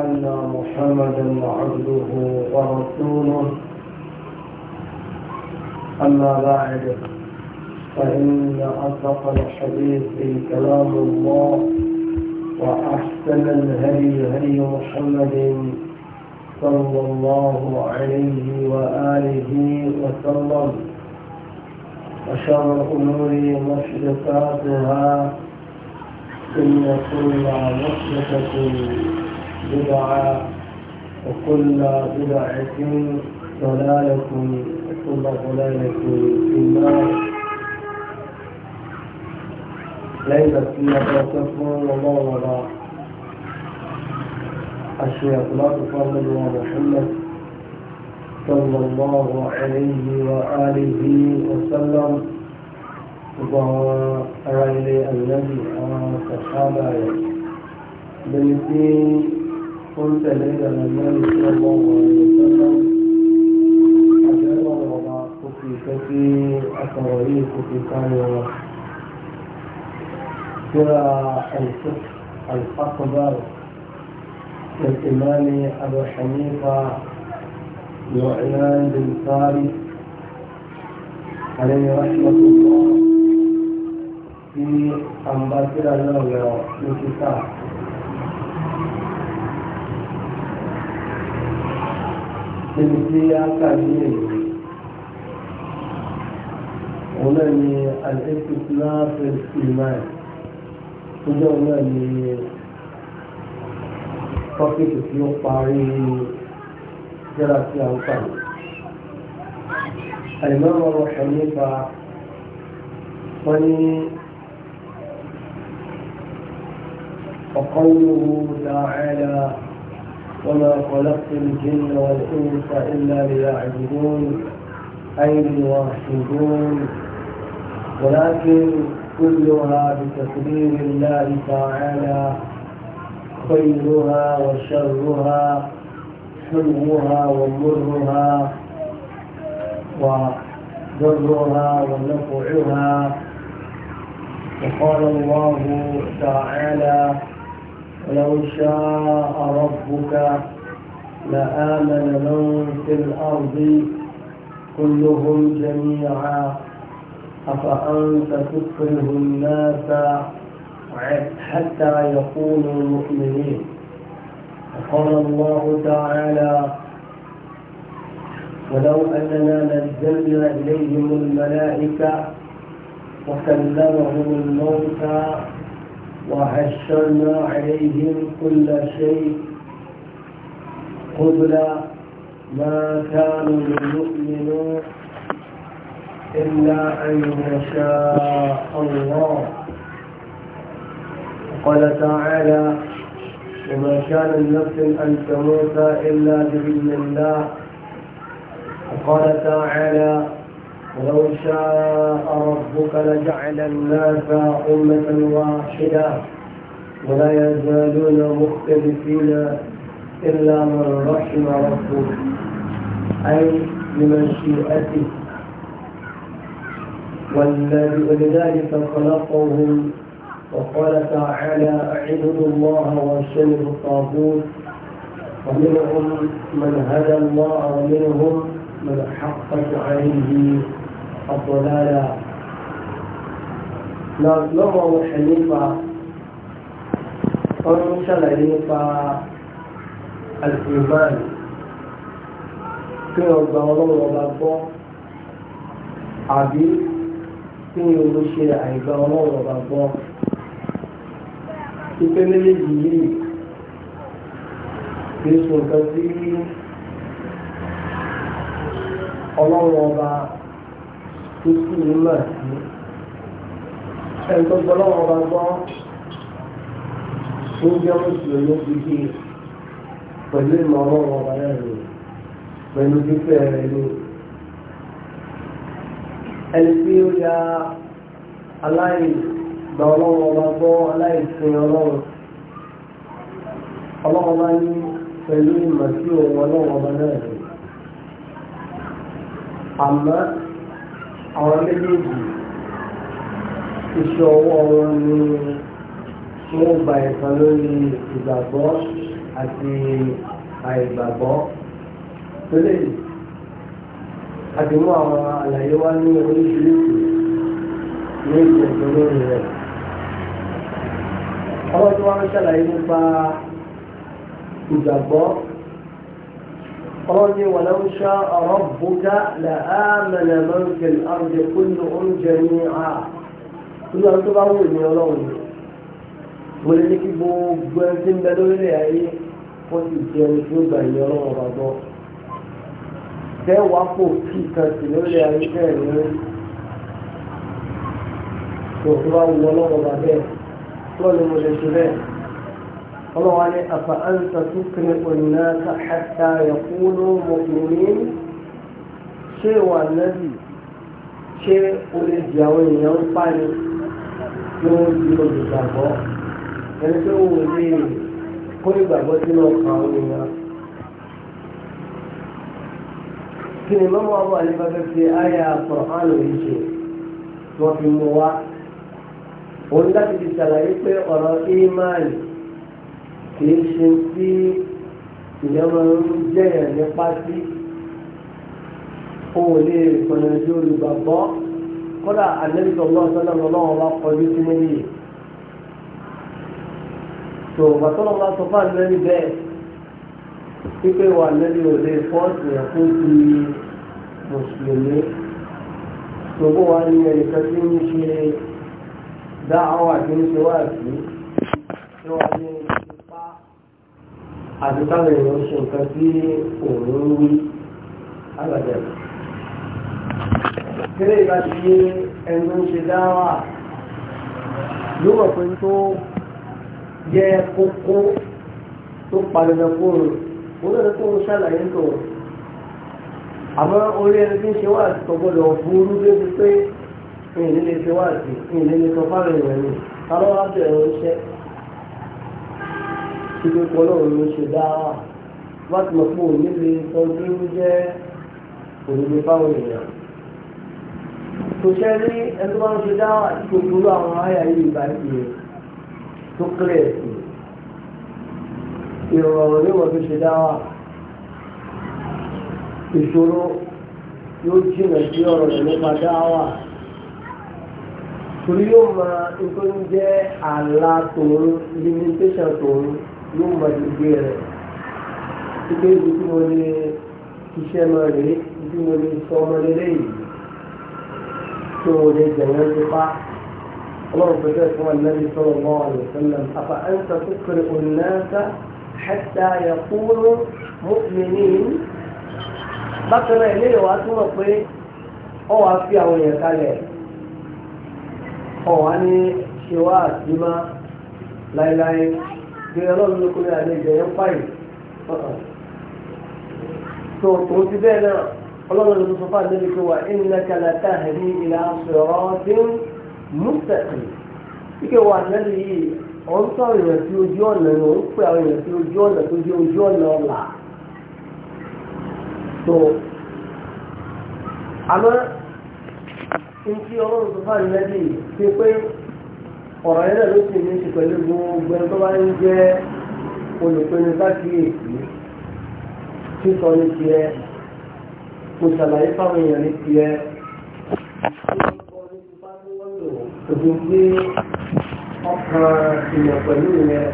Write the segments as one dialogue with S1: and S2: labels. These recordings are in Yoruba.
S1: أن محمدا عبده ورسوله أما بعد فإن أصدق الحديث كلام الله وأحسن الهدي هدي محمد صلى الله عليه وآله وسلم وشر الأمور محدثاتها إن كل محدثة بدعة وكل بدعة ضلالة وكل ضلالة في النار ليس فيها توقفون والله ولا الشيخ لا تفضل محمد صلى الله عليه وآله وسلم الذي النبي وصحابه بالدين قلت لنا النبي صلى الله عليه وسلم أجل وما خفيفتي أتريه خفيفتان ترى الفقه الأكبر للإمام أبو حنيفة نعيان بن ثابت عليه رحمة الله في أنباتنا له من كتاب níbi tí a kà ní èyí òun náà ni àdéhùsílá fẹ́ẹ́sì máì tó jẹ́ òun náà ni tọ́pìkì tí ó parí jẹ́ra sí àwọn kàwé. الإمام أبو حنيفة ولي وقوله تعالى وما خلقت الجن والإنس إلا ليعبدون أي ليواحدون ولكن كلها بتكبير الله تعالى خيرها وشرها حلوها ومرها وضرها ونفعها وقال الله تعالى ولو شاء ربك لآمن من في الأرض كلهم جميعا أفأنت تكره الناس حتى يكونوا مؤمنين وقال الله تعالى ولو أننا نزلنا إليهم الملائكة وكلمهم الموتى وحسنا عليهم كل شيء قبل ما كانوا يؤمنون إلا أن يشاء الله قال تعالى وما كان النفس أن تموت إلا بإذن الله وقال تعالى ولو شاء ربك لجعل الناس أمة واحدة ولا يزالون مختلفين إلا من رحم ربك أي بمشيئته ولذلك خلقهم وقال تعالى اعبدوا الله واجتنبوا الطاغوت ومنهم من هدى الله ومنهم من حقت عليه الضلالة نظم وحنيفة أنشل حنيفة الإيمان كي الضلال وبابه àbí tí o ló ṣe àìgbà ọlọ́rọ̀ bá gbọ́. Ipe méjèèjì yìí kì í ṣe nǹkan tí ọlọ́run ọba tó sì ní mà sí ẹni tó gbọ́ lọ́wọ́ bá gbọ́ tó ń jẹ́ mùsùlùmí ó fi kí pẹ̀lú ìmọ̀ ọlọ́wọ́ bá yà ní pẹ̀lú fífẹ́ rẹ̀ ní ẹni tí ó ya aláìgbà ọlọ́wọ́ bá gbọ́ aláìsìn ọlọ́wọ́ ọlọ́wọ́ bá ní pẹ̀lú ìmọ̀ sí òun ọlọ́wọ́ bá náà ní àwọn méjèèjì iṣẹ́ ọwọ́ wọn ni wọ́n gba ẹ̀san lórí ìgbàgbọ́ àti àìgbàgbọ́ pẹ̀lẹ́ àti mú àwọn àlàyé wá ní oríṣiríṣi ní ìgbẹ̀jọ́ lórí rẹ̀ ọwọ́ tí wọ́n ń ṣàlàyé nípa ìgbàgbọ́ قال ولو شاء ربك لآمن من في الأرض كلهم جميعا كل أن تبعوا إني ولوني ولذلك بوزن بدون رأي قلت الجاني شوبا إني ولوني رضو سوى فوقي كتلو لأي كان وقلوا ولوني رضو قلوا مجلسوا ọlọ́wà ní àfàáǹtà tó kiri ọ̀nà àṣà ẹ̀kúnú mọ̀kùnrin ṣé wà lẹ́bí ṣé o lè di àwọn èèyàn ń pààyàn tí wọ́n di olùgbàgbọ́ ẹni tó wù lè kó ìgbàgbọ́ sínú ọkàn àwọn èèyàn. kí ni mọ́mọ́ ọmọ àlefàfẹ́ fi àyà àkọ́hánù yìí ṣe tí wọ́n fi mú wa òun láti fi ṣàlàyé pé ọ̀rọ̀ ìmáàlì kìí ṣe tí ìyẹn máa ń jẹ́yàn nípa sí òun lè pẹ̀lú ojú olùgbàgbọ́ kódà àlẹ́bìtọ̀ náà sọ́nà ọlọ́run bá kọjú sí nílé yìí tó bàtọ́lọ́ bá sọ fún àlẹ́bì bẹ́ẹ̀ pípé wà lẹ́bì ò lè fọ́ọ̀sì ẹ̀kú ti mùsùlùmí gbogbo wa ní ẹnìkan tí ń ṣe dáhàwà tí ń ṣe wáàsí tí wọ́n ní àti táwọn èèyàn ṣe nǹkan tí òun wí agbàjẹ́ kílé ìgbà tí yé ẹni ń ṣe dáwà ló mọ̀ pé tó jẹ́ kókó tó palẹ̀mẹ̀ fóònù òun náà tó ń ṣàlàyé tó àmọ́ orí ẹni tí ń ṣe wà tó gbọ́dọ̀ burú débi pé ìyìn lè ṣe wà sí ìyìn lè fáwọn èèyàn ni kíkó ọlọ́run ló ṣe dáwà wọ́n ti mọ̀ pé òní lè sọ pé ó jẹ́ òní fáwọn èèyàn. kò ṣe rí ẹni bá ń ṣe dáwà tí kò gbúrú àwọn àyà yìí bá yẹ tó kílẹ̀ sí ìrọ̀rùn ní wọ́n fi ṣe dáwà ìṣòro yóò jìnà sí ọ̀rọ̀ rẹ̀ nípa dáwà torí yóò mọ nǹkan jẹ́ àlá tòun limitation tòun yóò mọ ìgbé rẹ̀ pípé ibi tí mo lè iṣẹ́ máa rèé ibi tí mo lè sọ ọmọ lélẹ́ yìí tí mo lè jẹ̀wọ́n nípa ọlọ́run pẹ̀lú ẹ̀fọ́ ànábi sọ̀rọ̀ mọ́ ọ̀rọ̀ sẹ́lẹ̀ àfà ẹ̀ ń sọ pé kiri ònàṣà ẹ̀ta yẹ̀kúrú mọ́tìmínì bákan náà ilé ìwà túmọ̀ pé ọ wàá fi àwọn èèyàn kalẹ̀ ọ wàá ní ṣe wá àtìmá láéláé pé ọlọ́run ló kórè àlẹ́ ìjọ yẹn pààyè tó tó ti bẹ́ẹ̀ náà ọlọ́run ló sọ fún àdébí pé wà innaka latahdi ila siratin mustaqim ike wà lẹ́nu yìí ọ̀ ń sọ ìrìn sí ojú ọ̀nà ni ò ń pè àwọn ìrìn sí ojú ọ̀nà tó jẹ́ ojú ọ̀nà ọ̀la tó àmọ́ ntí ọlọ́run sọ fún àdébí pé ọ̀rọ̀ yẹn náà ló sì ní í ṣe pẹ̀lú gbogbo ẹni tó bá ń jẹ́ olùpinnu sákìyèsí sísọ ní tiẹ̀ mo ṣàlàyé fáwọn èèyàn ní tiẹ̀ òbí gbé ọkàn ìyàn pẹ̀lú ìyẹn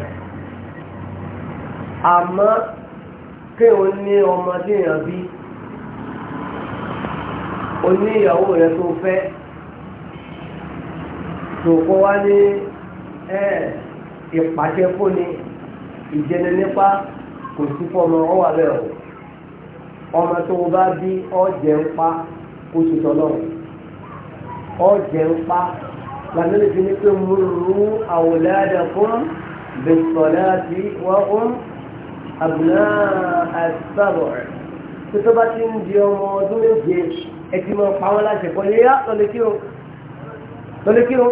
S1: àmọ́ pé o ní ọmọdé èèyàn bí o ní rẹ tó fẹ́ ṣòkó wá ní ìpàṣẹ fúnni ìjẹni nípa kò sí fọmọ ọwà bẹ́ẹ̀ o ọmọ tó o bá bí ọ̀jẹ̀ ń pa kó ti tọ̀lọ̀ ọ̀jẹ̀ ń pa làmìlì fi ní pé mo rú àwòlẹ́dẹ̀ fún bẹ̀sọ̀lẹ́ àti wọ́n fún àbùnà àìsàbọ̀ rẹ̀ bá ti ń di ọmọ ọdún méje ẹ ti mọ láṣẹ pọ̀ yíyá lọ́lẹ́kírun lọ́lẹ́kírun.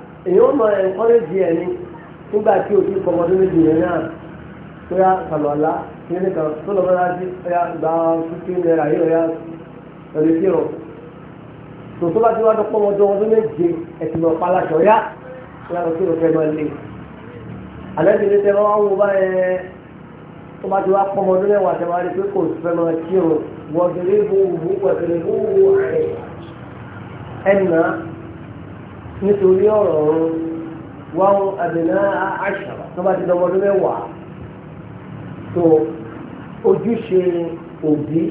S1: èyàn mọ ẹ̀ńkọ́rẹ́jì ẹ̀ ni nígbà tí o ti kọmọdún méjì yẹn náà tó yá kàlọ́lá kíni kan tó lọ́ bọ́lá sí ọ̀yá gba fífi náírà yìí ọ̀yá ẹ̀lẹ́ sí ọ̀ tòtó bá ti wá dọ́pọ̀ ọmọdún ọdún méje ẹ̀sìn ọ̀pá aláṣọ yá ọ̀yá lọ sí ọ̀fẹ́ máa lé alẹ́ ti ní tẹ́ wọ́n wọ́n bá ẹ tó bá ti wá pọ̀ ọmọdún mẹ́wàá tẹ́ wọ́n á pé kò fẹ́ máa kí o wọ́n ti rí bú wù pẹ̀lú bú nítorí ọ̀rọ̀ ọ̀run wọn àdìná àṣà tó bá ti dọ́mọ ọdún mẹ́wàá tó ojúṣe òbí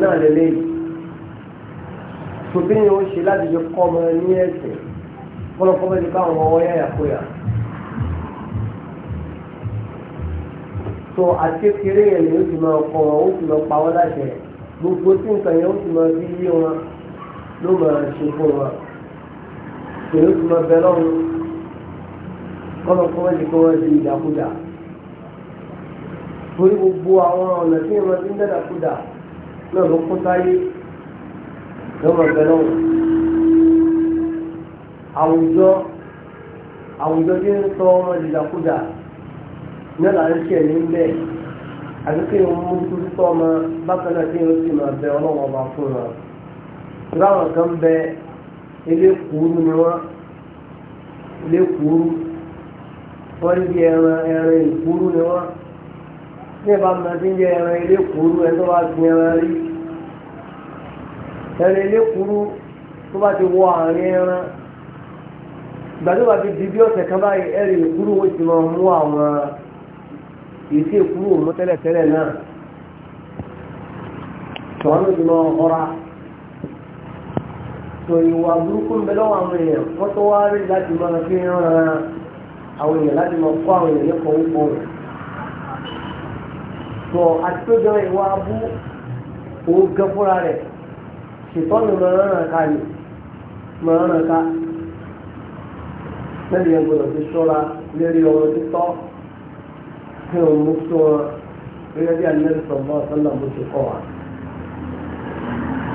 S1: náà lélẹ́yìí tòbí ni ó ṣe láti fi kọ́ ọmọ ní ẹ̀sẹ̀ kọ́lọ́kọ́ bẹ́ẹ̀ ti bá àwọn ọmọ yáyà kó yà. tó àti kéré yẹn ni ó ti máa kọ́ wọn ó ti máa pa wọ́n láṣẹ gbogbo tí nǹkan yẹn ó ti máa fi yé wọn ló máa ṣe fún wọn pẹ̀lú tó máa bẹ lọ́run kọ́nà kó wọ́n di kó wọ́n di ìdàkudà torí gbogbo àwọn ọ̀nà tí wọ́n ti ń dàdàkudà náà ló kún sáyé ló máa bẹ lọ́run àwùjọ àwùjọ tí ń sọ ọmọ ìdàkudà náà là ń ṣẹ̀ ní bẹ́ẹ̀ àti kí n mú tuntun tó ọmọ bákan náà tí n ó sì bẹ ọlọ́wọ́ ọba fún wọn. ìbáwọn kan bẹ́ẹ̀ elékùúrú ni wọ́n elékùúrú wọ́n rí bí ẹran ẹran ìkúrú ni wọ́n ní ìbámu náà ti ń jẹ ẹran elékùúrú ẹ tó bá gbin ẹran rí ẹran elékùúrú tó bá ti wọ àárín ẹran ìgbà tó bá ti di bí ọ̀sẹ̀ kan báyìí ẹran ìkúrú ó ti máa mú àwọn èsì ìkúrú òun tẹ́lẹ̀tẹ́lẹ̀ náà tọ́lú ti máa tó ìwà burúkú ń bẹ lọ́wọ́ àwọn èèyàn wọ́n tó wá rí láti máa fi hàn àwọn èèyàn láti máa kó àwọn èèyàn lẹ́kọ̀ọ́ wípé rẹ̀. tó àtúntò ìwà abú òun gan fúnra rẹ̀ ṣètọ́nù mọ̀ọ́ràn ká ni mọ̀ọ́ràn ká lẹ́yìn yẹn gbọ́dọ̀ ti ṣọ́ra lérí ọ̀rọ̀ títọ́ kí òun mú sí wọn gẹ́gẹ́ bí alẹ́ sọ̀rọ̀ sọ́nà mo ti kọ́ wa.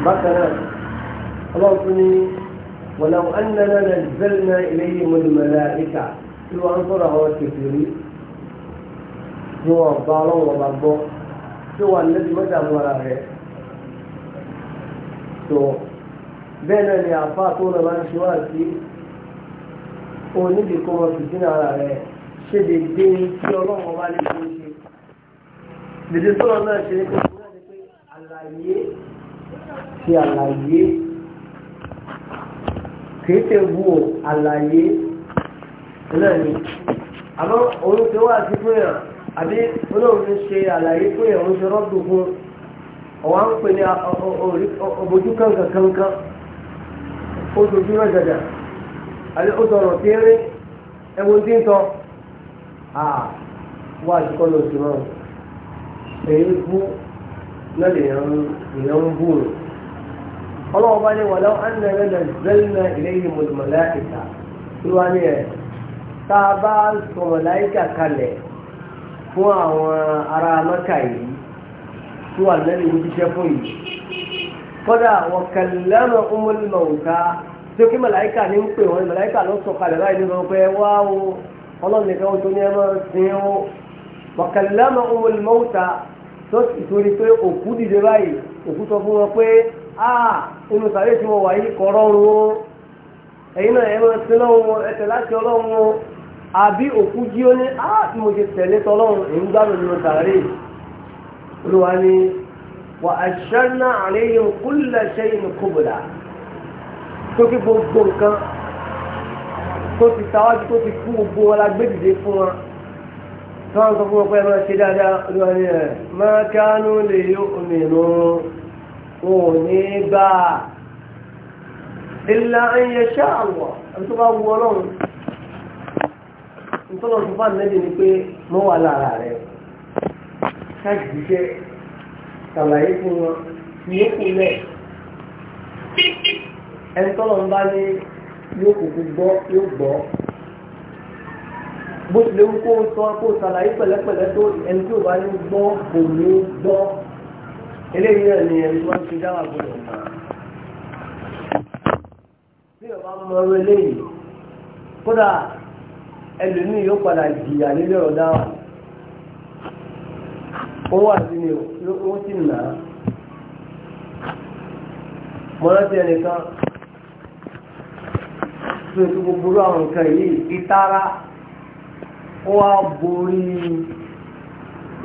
S1: bákan náà ọlọ́ọ̀túnni wọ̀lá annana na zẹ́lẹ̀nà ilé yìí mú lùmọ̀lá ìkà tí wọ́n ń sọ̀rọ̀ àwọn kẹfìrí tí wọ́n bá ọlọ́wọ́ bá gbọ́ tí wọ́n lẹ́bi mọ́tà mọ́ra rẹ̀ tó bẹ́ẹ̀ náà ni àfa tó lọ máa ń ṣe wá sí onídìí kọ́ wọn fìdí náà rẹ̀ ṣe lè dé tí ọlọ́wọ́ bá lè fún ṣe lèdè náà ṣe ní pé àlàyé ṣe àlàyé kéèké wú o àlàyé náà ni àmọ́ òun ti wá sí fún yàn àbí olóòun ti ṣe àlàyé fún yàn òun ti rọ́dù fún ọ̀wá ń pè ní ọ̀bójú kankan kankan ó dojú náà dàda àbí ó sọ̀rọ̀ tẹ́rẹ́ ẹ̀wọ̀n tí ń sọ wá àtúkọ́ lọ sí wọn èyí bú náà lè yàn ń bú rẹ̀ ọlọ́wọ́ bá ní wọ̀lọ́ ẹnlẹ́rẹ́ lè zẹ́lẹ̀ ìlẹ́yìn mọ̀lẹ́kìtà tí wọ́n ní ẹ̀ tá a bá sọ mọ̀láìkà kalẹ̀ fún àwọn ará mẹ́kà yìí tí wọ́n lẹ́nu ìwé jíṣẹ́ fún yìí kọ́dà wọ́n kẹlẹ́mọ̀ ọmọlẹ́mọ̀ọ́ká tí ó kí mọ̀láìkà ní ń pè wọ́n mọ̀láìkà ló sọ kalẹ̀ báyìí ní sọ wá o ọlọ́nìkan ó tó ní ẹmọ inú sàárè tí mo wà yìí kọ̀ rọrùn o ẹ̀yin náà ẹ máa sin lọ́wọ́ ẹ̀tẹ̀ láti ọlọ́run o àbí òkú jí ó ní á tí mo ṣe tẹ̀lé tọlọ́run èyí gbádùn nínú sàárè olúwa ni wà á ṣẹ́nà àríyìn kúlẹ̀ ṣẹ́yìn kúbùdà tó kí gbogbo nǹkan tó ti tawájú tó ti kú gbogbo wọn la gbé dìde fún wọn tí wọn sọ fún wọn pé ẹ máa ṣe dáadáa olúwa ni ẹ máa kánú lè yọ òmìnira wọn ò ní gbà á ilẹ̀ ayé ṣá àwọ̀ ẹni tó bá wù ọlọ́run nítorí ọ̀sùn fún àdínẹ́dì ni pé mọ́ wà lára rẹ̀ káàkiri jẹ́ ṣàlàyé fún wọn yóò kú lẹ̀ ẹni tọ́lọ̀ ń bá ní yóò gbọ́ yóò gbọ́ bó tilẹ̀ wù kó sọ kó ṣàlàyé pẹ̀lẹ́pẹ̀lẹ́ tó ẹni tí ò bá ní gbọ́ kò ní gbọ́ eléyìí náà ni ẹni wọ́n ti dáwà gbọ́dọ̀ mọ́ bí ọba mọ ọ̀rọ̀ eléyìí kódà ẹlòmíì yóò padà jìyà nílé ọ̀rọ̀ dáwà ó wà sí ni ó sì nà á mo rántí ẹnìkan tó ètò gbogbo àwọn nǹkan yìí ìtara ó wá borí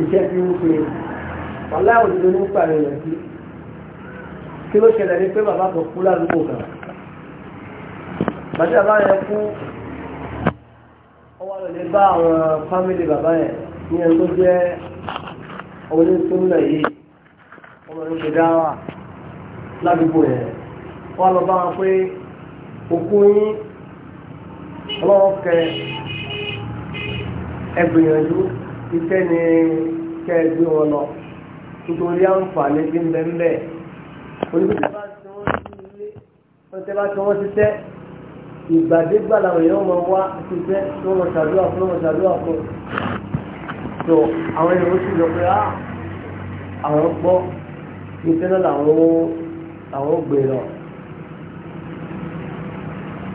S1: iṣẹ́ tí ń ṣe wàhálà òdodo ní pàrọ̀ èèyàn sí kí ló ṣẹlẹ̀ ní pé bàbá kan kú ládùúgbò kan bàtí bàbá yẹn kú ọwọ́ lọ lè bá àwọn fámìlì bàbá yẹn ní ẹni tó jẹ́ onísúnlẹ̀ yìí ọmọ ní ṣe dáwà ládùúgbò yẹn wọ́n lọ bá wọn pé òkú yín ọlọ́wọ́ kẹ ẹgbìyànjú iṣẹ́ ni kẹ gbé wọn lọ nítorí àǹfààní tí ń bẹ ń bẹ onígbà tí wọ́n ṣiṣẹ́ ìgbàdégbà làwọn èèyàn máa wá ṣiṣẹ́ tí wọ́n máa ṣàdúrà fún wọn ṣàdúrà fún tó àwọn èèyàn ó sì lọ pé ah, àwọn gbọ́ iṣẹ́ náà làwọn gbé lọ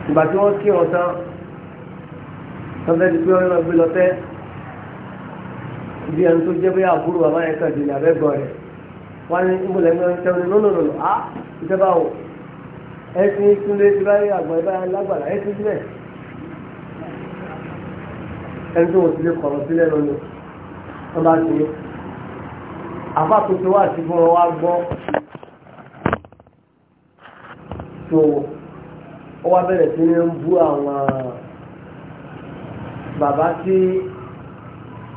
S1: ìgbà tí wọ́n kí wọn tán pé wọ́n lọ ibi ẹni tó jẹ́ bóyá àbúrò bàbá yẹn kan jù ní abẹ́gbọ́ rẹ̀ wọ́n ní ìmọ̀lẹ́ mẹ́rin tẹ́wọ́n ní nínú à ìjọba o ẹ̀sìn ìtúndé ti bá yẹ àgbọ̀n ìbá yẹn lágbàlá ẹ̀sìn sílẹ̀ ẹni tó wọ́n ti lè kọ̀rọ̀ sílẹ̀ lọ́nà wọ́n bá ti àbá tó ti wá àti fún ọ wá gbọ́ tó ó bẹ̀rẹ̀ sí ní ń bú àwọn bàbá tí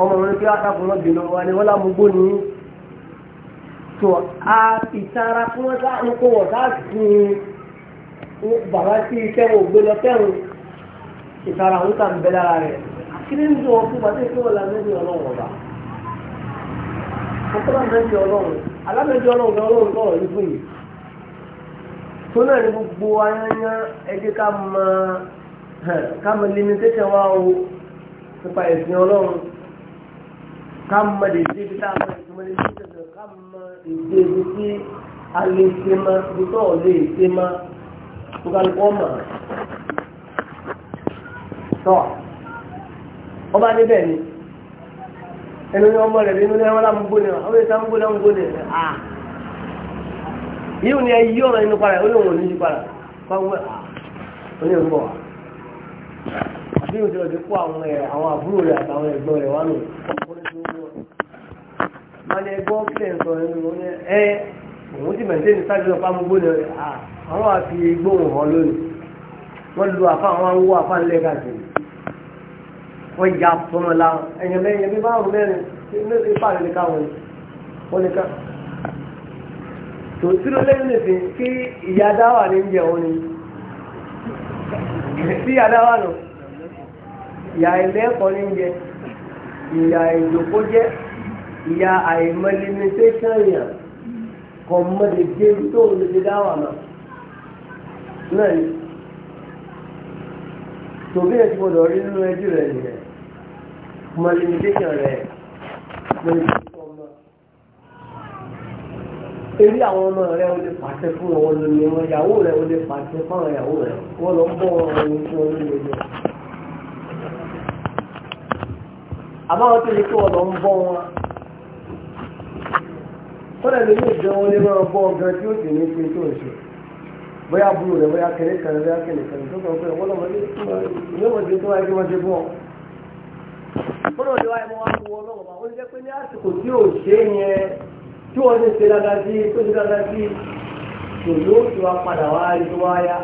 S1: ọmọ wọn bí àtàkùn wọn bìnà wà ní wọ́n lámúgbó ní tó a ìtara fún wọn sáà ní kó wọ̀ sáà sí bàbá tí iṣẹ́ wọn gbé lọ tẹ́hùn ìtara ń tà ń bẹ lára rẹ̀ akíní ń dùn ọkùn bàtẹ́ kí wọ́n lànà ẹ̀jẹ̀ ọlọ́run ọba ọkọ̀ lànà ẹ̀jẹ̀ ọlọ́run alámẹ̀jẹ̀ ọlọ́run ní ọlọ́run kọ̀ ní fún yìí tó náà ní gbogbo ayáyá ẹ̀jẹ̀ nípa ẹ̀sìn ọlọ́run ká mọ dèjé bí táwọn ìtumọ̀ ní ṣíṣe lọ ká mọ dèjé bí tí a lè ṣe mọ bí tó ò lè ṣe mọ kó kálukọ́ mọ̀ tọ́ ọba níbẹ̀ ni ẹnu ní ọmọ rẹ̀ nínú ní ẹwọ́n lámú gbóni ọmọ ìta ń gbóni ọmọ gbóni ẹ̀ à yíò ní ẹyí ọ̀rọ̀ inú para ẹ̀ ó lóun ò ní yí para fáwọn oní ìbọ̀ wa bí o ti lọ kó àwọn ẹ̀ àwọn àbúrò rẹ̀ àtàwọn ẹ̀gbọ́n rẹ̀ wá nù ọkùnrin wọ́n gbọ́ kílẹ̀ sọ ẹnu wọn ní òun ti mẹ̀tẹ́ ní sáré lọ́pàá mú gbóni àwọn àfi gbóhùn hàn lónìí wọ́n lu àfa àwọn awó àfa ńlẹ̀ káàkiri wọ́n ya sọmọ la ẹ̀yìn mẹ́rin bí márùn mẹ́rin ní ipa rẹ̀ ní káwọn wọ́n ní ká tò tí ló nìfín kí ìyá dáwà ní jẹ òun ni sí ìyá dáwà nù ìyá ilé ní jẹ ìyá ìjòkó jẹ́ ìyá àìmọ́lẹ́mẹsẹ́sán yàn kọ́ mọ́lẹ́ dé tó ń lè dá wà náà náà ni tòbí ẹ̀ tí mo lọ rí nínú ẹjú rẹ̀ nìyẹn mọ́lẹ́mẹsẹ́sán rẹ̀ mọ́lẹ́mẹsẹ́sán ọmọ eré àwọn ọmọ rẹ̀ ó lè pàṣẹ fún wọn lónìí wọn ìyàwó rẹ̀ ó lè pàṣẹ fún àwọn ìyàwó rẹ̀ wọ́n lọ ń wọn ní fún wọn lónìí wọn. àbáwọn tó lè kí wọn lọ ń bọ́ wọn kọ́lẹ̀ lórí ìjọ wọn lè máa bọ́ ọgán tí ó sì ní pé tó ń ṣe bóyá búrò rẹ̀ bóyá kẹlẹ́ kan bóyá kẹlẹ́ kan tó kàn pé wọ́n lọ́mọ ní ìyẹ́wọ̀n tó wáyé kí wọ́n ṣe bọ́ kọ́lọ̀ lè wáyé wọn wọ ọlọ́wọ́ bá wọ́n jẹ́ pé ní àsìkò tí ò ṣe yẹn tí wọ́n ti ṣe dáadáa sí tó ṣe dáadáa sí tò yóò ti wá padà wá yí wáyá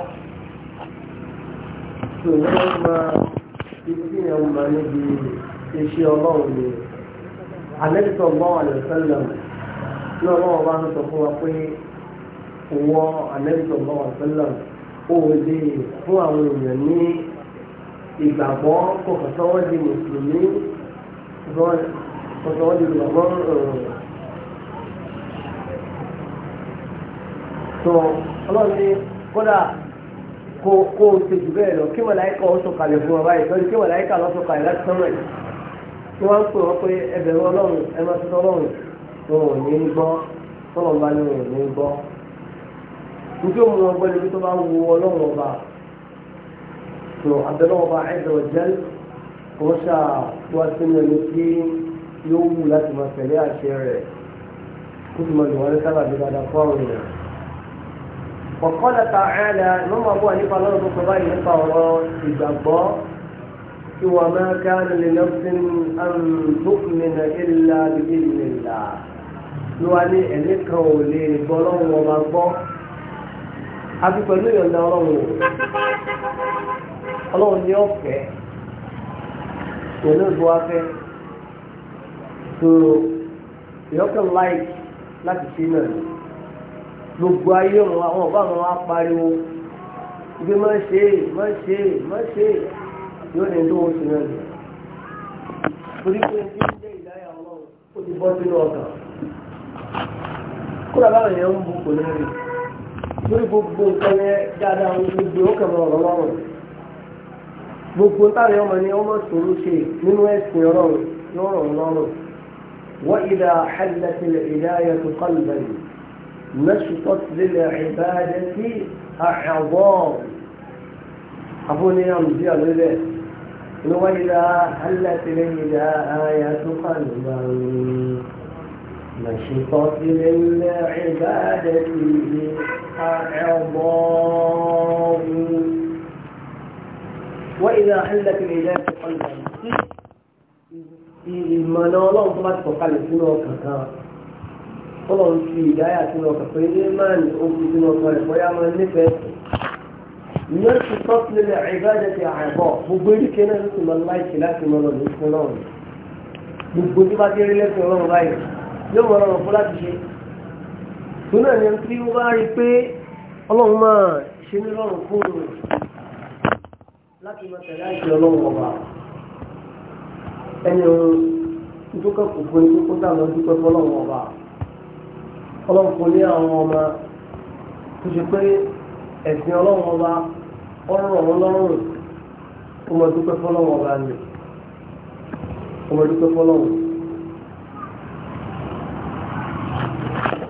S1: tò yóò máa ibi yẹn máa níbi iṣẹ́ ọlọ́run ni àlẹ́ ní ọlọ́wọ́ bá ń sọ fún wa pé wọ àlẹ́sọ̀ bá wà sílẹ̀ ó lè fún àwọn èèyàn ní ìgbàgbọ́ kọ̀ọ̀kan tí wọ́n di mùsùlùmí kọ̀ọ̀kan tí wọ́n di ìgbàgbọ́ eh. sọ ọlọ́run ní kódà kó kó o ṣe jù bẹ́ẹ̀ lọ kí màláìka ó sọ̀kalẹ̀ fún wa báyìí lọ́dún kí màláìka lọ́ sọ̀kalẹ̀ láti sánmọ̀ yìí tí wọ́n ń pè wọ́n pé ẹbẹ̀rún ọlọ́run ẹ máa tuntun ọlọ́run wọn ò ní gbọ́ tọ́lọ̀ bá ní wọn ò ní gbọ́ nítorí òun wọn gbọ́ níbi tó bá wu ọlọ́run ọba tó abẹ́lẹ́ ọba ẹ̀dọ̀ jẹ́ kò ṣà wá sínú ẹni tí yóò wù láti máa tẹ̀lé àṣẹ rẹ̀ kó sì máa lò wọlé sábàbí dáadáa fún àwọn èèyàn. وقال تعالى نوم أبو هنيفة الله رضي الله عنه قال إجابة وما كان لنفس أن تؤمن إلا بإذن الله ló wá ní ẹ̀mí kan ò lè gbọ́ ọlọ́run ọba gbọ́ àti pẹ̀lú ìyọ̀ǹda ọlọ́run ọlọ́run ní ọ̀fẹ́ pẹ̀lú ìbò afẹ́ tó ìyọ́kẹ́ láì láti sí náà gbogbo ayé wọn àwọn ọba wọn á pariwo ibi má ṣe é má ṣe é má ṣe é yóò ní lóhùn sí náà torí pé ní ilé ìdáyà ọlọ́run ó ti bọ́ sínú ọkàn kúrò láwọn èèyàn ń bu kò ní rí lórí gbogbo nǹkan yẹn dáadáa gbogbo ó ọ̀rọ̀ lọ́rùn gbogbo táwọn èèyàn mọ̀ ọmọ sòrò ṣe nínú ẹ̀sìn ọlọ́run lọ́rùn lọ́rùn wọ́n ìdá àhẹ́lẹ́tìlẹ̀ ìdáyà tó kọ́lù bẹ̀rẹ̀ نشطت للعبادة أعظام أبوني أمزي أغلبه وإذا هلت لي آية قلبا نشطت إلا عبادته أعضاء وإذا حلت الإله قلبا ìmọ̀nà ọlọ́run tó bá ti kọ̀kalẹ̀ sínú ọkàn kan ọlọ́run fi ìdáyà sínú ọkàn pé ní máa ní ogun sínú ọkàn rẹ̀ bóyá máa nífẹ̀ẹ́ ìyẹn ti tọ́sílẹ̀ ìbájẹ́ ti àìbọ̀ gbogbo eríkẹ́ náà ló ti máa láìsí láti mọ̀ lọ́dún fún ọlọ́run gbogbo tí bá ti rí lẹ́sìn ọlọ́run báyìí yóò mọ ọrọ̀ fún láti ṣe tó náà ni tí wọ́n bá rí pé ọlọ́run máa ṣe ní rọrùn fún un láti máa tẹ̀lé àìsí ọlọ́run ọba ẹni ohun tó kẹ́kọ̀ọ́ fún ikú kó dà lọ́dún pẹ́ fọlọ́run ọba ọlọ́run kò ní àwọn ọmọ tó ṣe pé ẹ̀sìn ọlọ́run ọba ọ̀rọ̀ ni ọmọ dúpẹ́ fọlọ́run.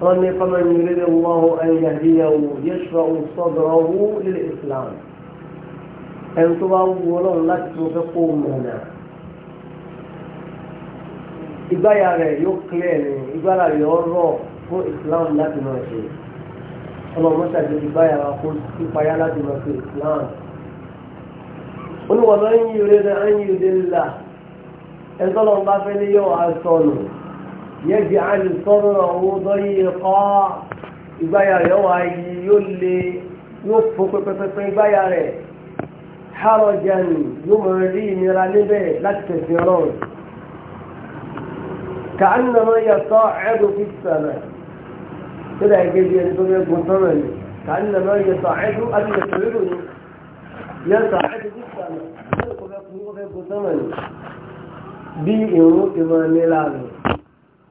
S1: قال فمن يريد الله أن يهديه يشفع صدره للإسلام أن تبعوا لك تقوم هنا ìgbáyà rẹ̀ yóò kílẹ̀ ní ìgbára rẹ̀ ọ̀rọ̀ fún Islam láti máa ṣe ọlọ́run mọ́ṣáájú ìgbáyà wa kó pípayá láti máa ṣe Islam oníwọ̀n náà ń yí rẹ̀ náà ń yí rẹ̀ là ẹ̀ńtọ́lọ́run bá fẹ́ ní yọ̀ àṣọ nù. يجعل صدره ضيقا يبايا يوعي يلي يفك بفتن إبايا ري حرجا يمري مرانبه لك تسيرون كأنما يصاعد في السماء كده يجي يقول يقول ثمني كأنما يصاعد أن يسعدني يصاعد في السماء يقول يقول ثمني بي إنو كما نلعبه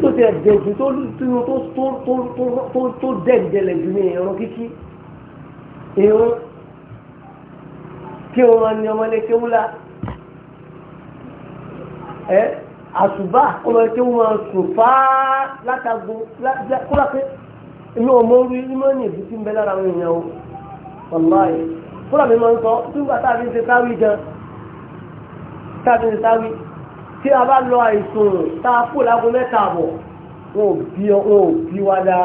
S1: tó ti ẹ̀jẹ̀ jù tó tó tó tó tó tó dẹ̀jẹ̀lẹ̀ jù ní ìrún kíkí ìrún kí wọn ní ọmọlé kéwúlá ẹ àṣùbà ọmọlé kéwú máa sùn fáá látago kúrò pé inú ọmọ orí inú ẹni ìdí tí ń bẹ lára àwọn èèyàn o wàláyé kúrò mi máa ń sọ tí wọn bá táà fi ń ṣe táwí gan táà fi ń ṣe táwí tí a bá lọ àìsàn tá a kú lágbo mẹ́ta àbọ̀ wọn ò bí wọn ò bí wá dá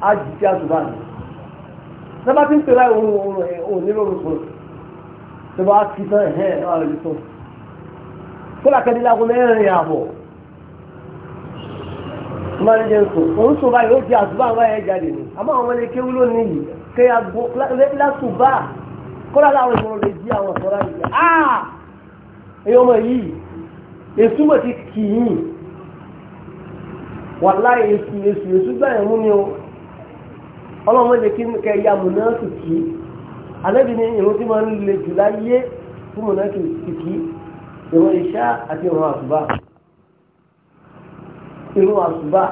S1: a jì sí àtúbà ní. sábà tí ń pè láì òun òun ẹ̀ ò nílò òun sùn tó bá ti tán ẹ̀hẹ́ ẹ̀ wà lórí sùn. kódà kẹ́ni lágbo mẹ́rin àbọ̀ máa ń jẹ sùn òun sùn báyìí ó di àtúbà wọn ẹ̀ jáde ni àmọ́ àwọn ọmọdé kéwú ló ní yìí kẹ́ ya gbó lásùbà kódà láwọn ìmọ̀ lè jí àwọn ọ̀sán láyé èsù mọ̀ ti kì í wàláì èsù èsù èsù gbà yẹn mú ni o ọlọ́mọdé kí ni kẹ ya mùnásù kì í alẹ́bí ni ìrún tí máa ń le jù láyé fún mùnásù kì í ìrún ìṣá àti ìrún àsùbá ìrún àsùbá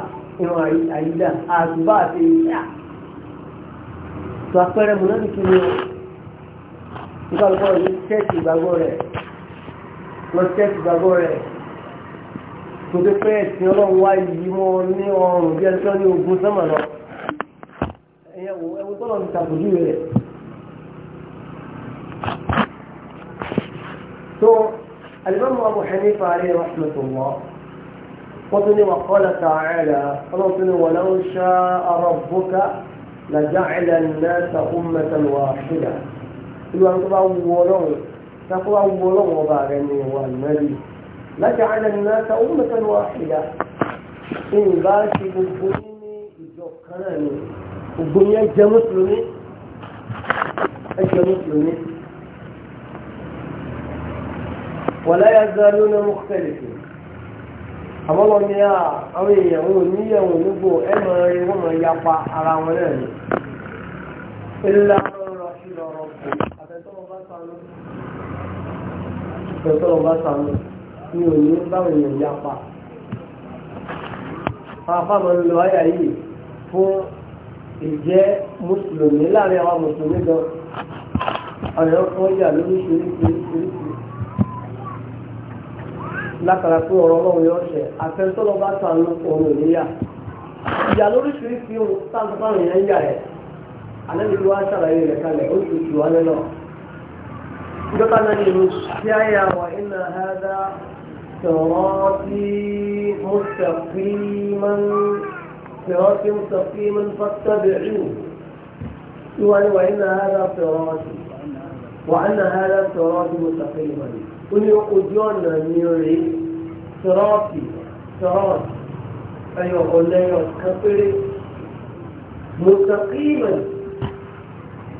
S1: ìrún àyídà àsùbá àti ìṣá tó apẹ́rẹ́ mùnásù kì í ni o nípa lọ́wọ́ ní ṣẹ́ẹ̀kì ìgbàgbọ́ rẹ̀ wọ́n tẹ́sí gbàgbọ́ rẹ̀ tó dé pé ẹ̀sìn ọlọ́run wá yìí mọ́ ní ọrùn bí ẹjọ́ ní ogun sọ́mọ̀ lọ ẹ̀wọ̀n tọ́lọ̀ ti tàbùjú rẹ̀ tó alimọ́mọ́ Abu Hanifa alayhi rahmatullah wọ́n tún ní wa qala ta'ala ọlọ́run tún ní wa law sha'a rabbuka la ja'ala an-nasa ummatan تقوى أولا وبارني والنبي لجعل الناس أمة واحدة إن باشي بقوني يجوكناني بقوني الجمسلمي الجمسلمي ولا يزالون مختلفين àmọ́ lọ ní àwọn èèyàn wọn ò ní ẹ̀wọ̀n nígbò ẹ̀mọ̀ rẹ̀ wọ́n mọ̀ yapa ara wọn náà ni. ìlànà
S2: ọ̀rọ̀ ìlọ̀rọ̀ kù
S1: pẹ̀tọ́ ọba sàmì ní òní báwọn èèyàn yapa afáàmọ́ lọ ayà yìí fún ìjẹ́ mùsùlùmí láàrin àwọn mùsùlùmí gan àwọn ọkọ̀ yà lóríṣiríṣiríṣi látara pé ọ̀rọ̀ ọlọ́run yóò ṣẹ àfẹ́tọ́ ọba sàmì òun ò níyà ìyà lóríṣiríṣi ohun táwọn èèyàn yà rẹ̀ alẹ́ mi wá ṣàlàyé rẹ̀ kalẹ̀ ó ti tù قطنا للمشايا وإن هذا صراطي مستقيما صراطي مستقيما فاتبعوه وإن هذا صراطي وأن هذا صراطي مستقيما قل يقودون نيوري صراطي صراطي أيها الله كبري مستقيما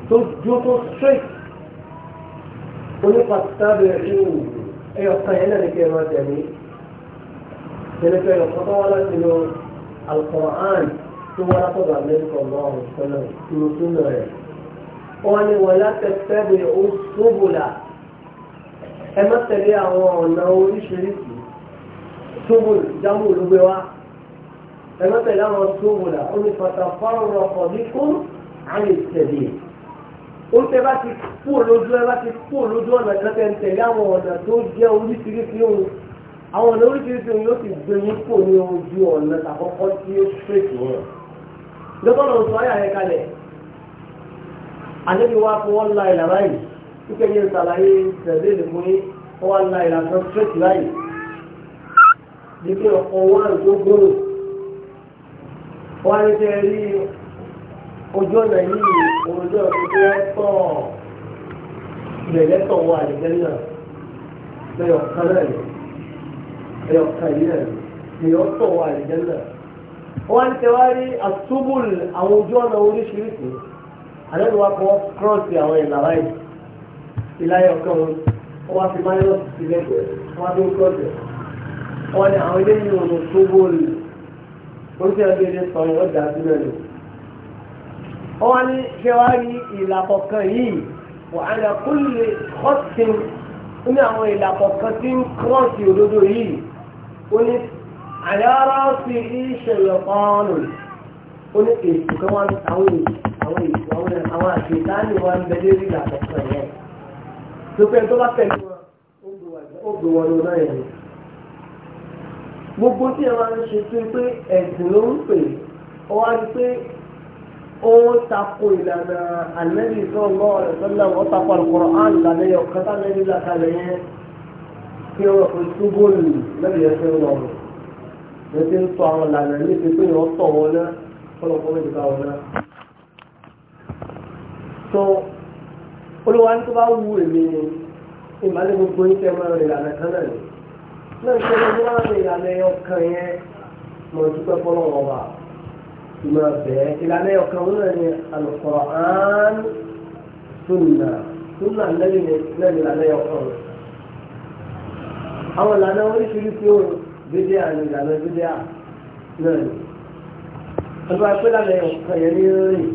S1: تجد الشيخ onípa tábì ìhù ẹyọkan yẹn náà ní kí ẹ máa tẹ̀lé tẹ̀lé pé ẹyọkan tó wá láti lo alukoran tó wá látọ̀dọ̀ amẹ́ríkà lọ́rùn sọ́nà ìlú súnà rẹ̀ wọ́n ní wọ́n láti tẹ̀lé oṣùbùlà ẹ má tẹ̀lé àwọn ọ̀nà oríṣiríṣi ṣùbùlù jámù olùgbé wa ẹ oúnjẹ bá ti kú lójú ẹ bá ti kú lójú ọ̀nà kan tẹ̀ ń tẹ̀lé àwọn ọ̀nà tó jẹ́ oríṣiríṣi òun àwọn ọ̀nà oríṣiríṣi òun yóò ti gbé yín kò ní ojú ọ̀nà àkọ́kọ́ tí ó fèsì wọn. lọ́kọ́ lọ́wọ́ sọ ayà rẹ̀ kalẹ̀ àlejò wa fún wọn la ìlà báyìí kíkẹ́ yẹn ṣàlàyé tẹ̀lé ìlú yín wọ́n wá la ìlà kan fèsì báyìí. bí pé ọkọ̀ wọn àti gbòòrò wọ́n á ojú ọ̀nà yìí ojú ọ̀nà tó fẹ́ tọ̀ ìrẹ̀lẹ̀ tọ̀ wọ àdìgẹ́ náà lẹ́yọ̀ kan náà lẹ́yọ̀ kan yìí náà lẹ́yọ̀ tọ̀ wọ àdìgẹ́ náà. wọ́n ti wá rí àtúbùl àwọn ojú ọ̀nà oríṣiríṣi àlẹ́ wa kọ́ kírọ́ọ̀sì àwọn ìlànà yìí ìlàyọ̀ kan wọ́n wá fi máyọ́ọ̀sì sílẹ̀ wọ́n á tó kírọ́ọ̀sì wọ́n ní àwọn ilé ìlú tó bóòlù oríṣiríṣi ẹgbẹ́ sọ̀rọ̀ ọjà wọ́n ní ṣé wàá rí ìlà kọ̀ọ̀kan yìí wà á lọ kó lè kọ́sìn ní àwọn ìlà kọ̀ọ̀kan tí ń kírọ́ọ̀sì òdodo yìí ó ní àyàrá sí ìṣẹ̀lẹ̀ pọ́ọ̀nù ó ní èsì kan wá àwọn èsì àwọn èsì àwọn àṣetánì wa ń bẹ lórí ìlà yẹn tó pé tó bá tẹ̀lé wọn ó gbé wọn lọ yẹn gbogbo tí ẹ máa ń ṣe tó pé ẹ̀sìn ló ń pè ọ wá rí pé ó tako ìlànà àlẹ́bí sọ́ọ̀lọ́ ọ̀rẹ́sọ́lá wọ́n tako àlùkọ́rọ̀ án ìlànà yẹn ọ̀kátà lẹ́yìn làkàlẹ̀ yẹn kí wọ́n fi túbọ̀ lù lẹ́yìn ẹsẹ̀ lọ́rùn yẹn ti ń tọ àwọn ìlànà ní ti pé wọ́n tọ̀ wọn náà kọ́lọ́kọ́ méjì ká wọn náà. tó olúwa ní tó bá wù èmi ìmàlẹ́ gbogbo yín kẹ́ máa rìn ìlànà kan náà ní. náà ṣe ìmọ̀ ọ̀bẹ ìlànà ọ̀kan wọn náà ni Al-Qur'an sunna sunna lẹ́yìn lẹ́yìn ìlànà ọ̀kan àwọn ìlànà oríṣiríṣi ó gbédé àná ìlànà gbédé à náà ni ọdún wa pé lálẹ́ ọ̀kan yẹn ní rìn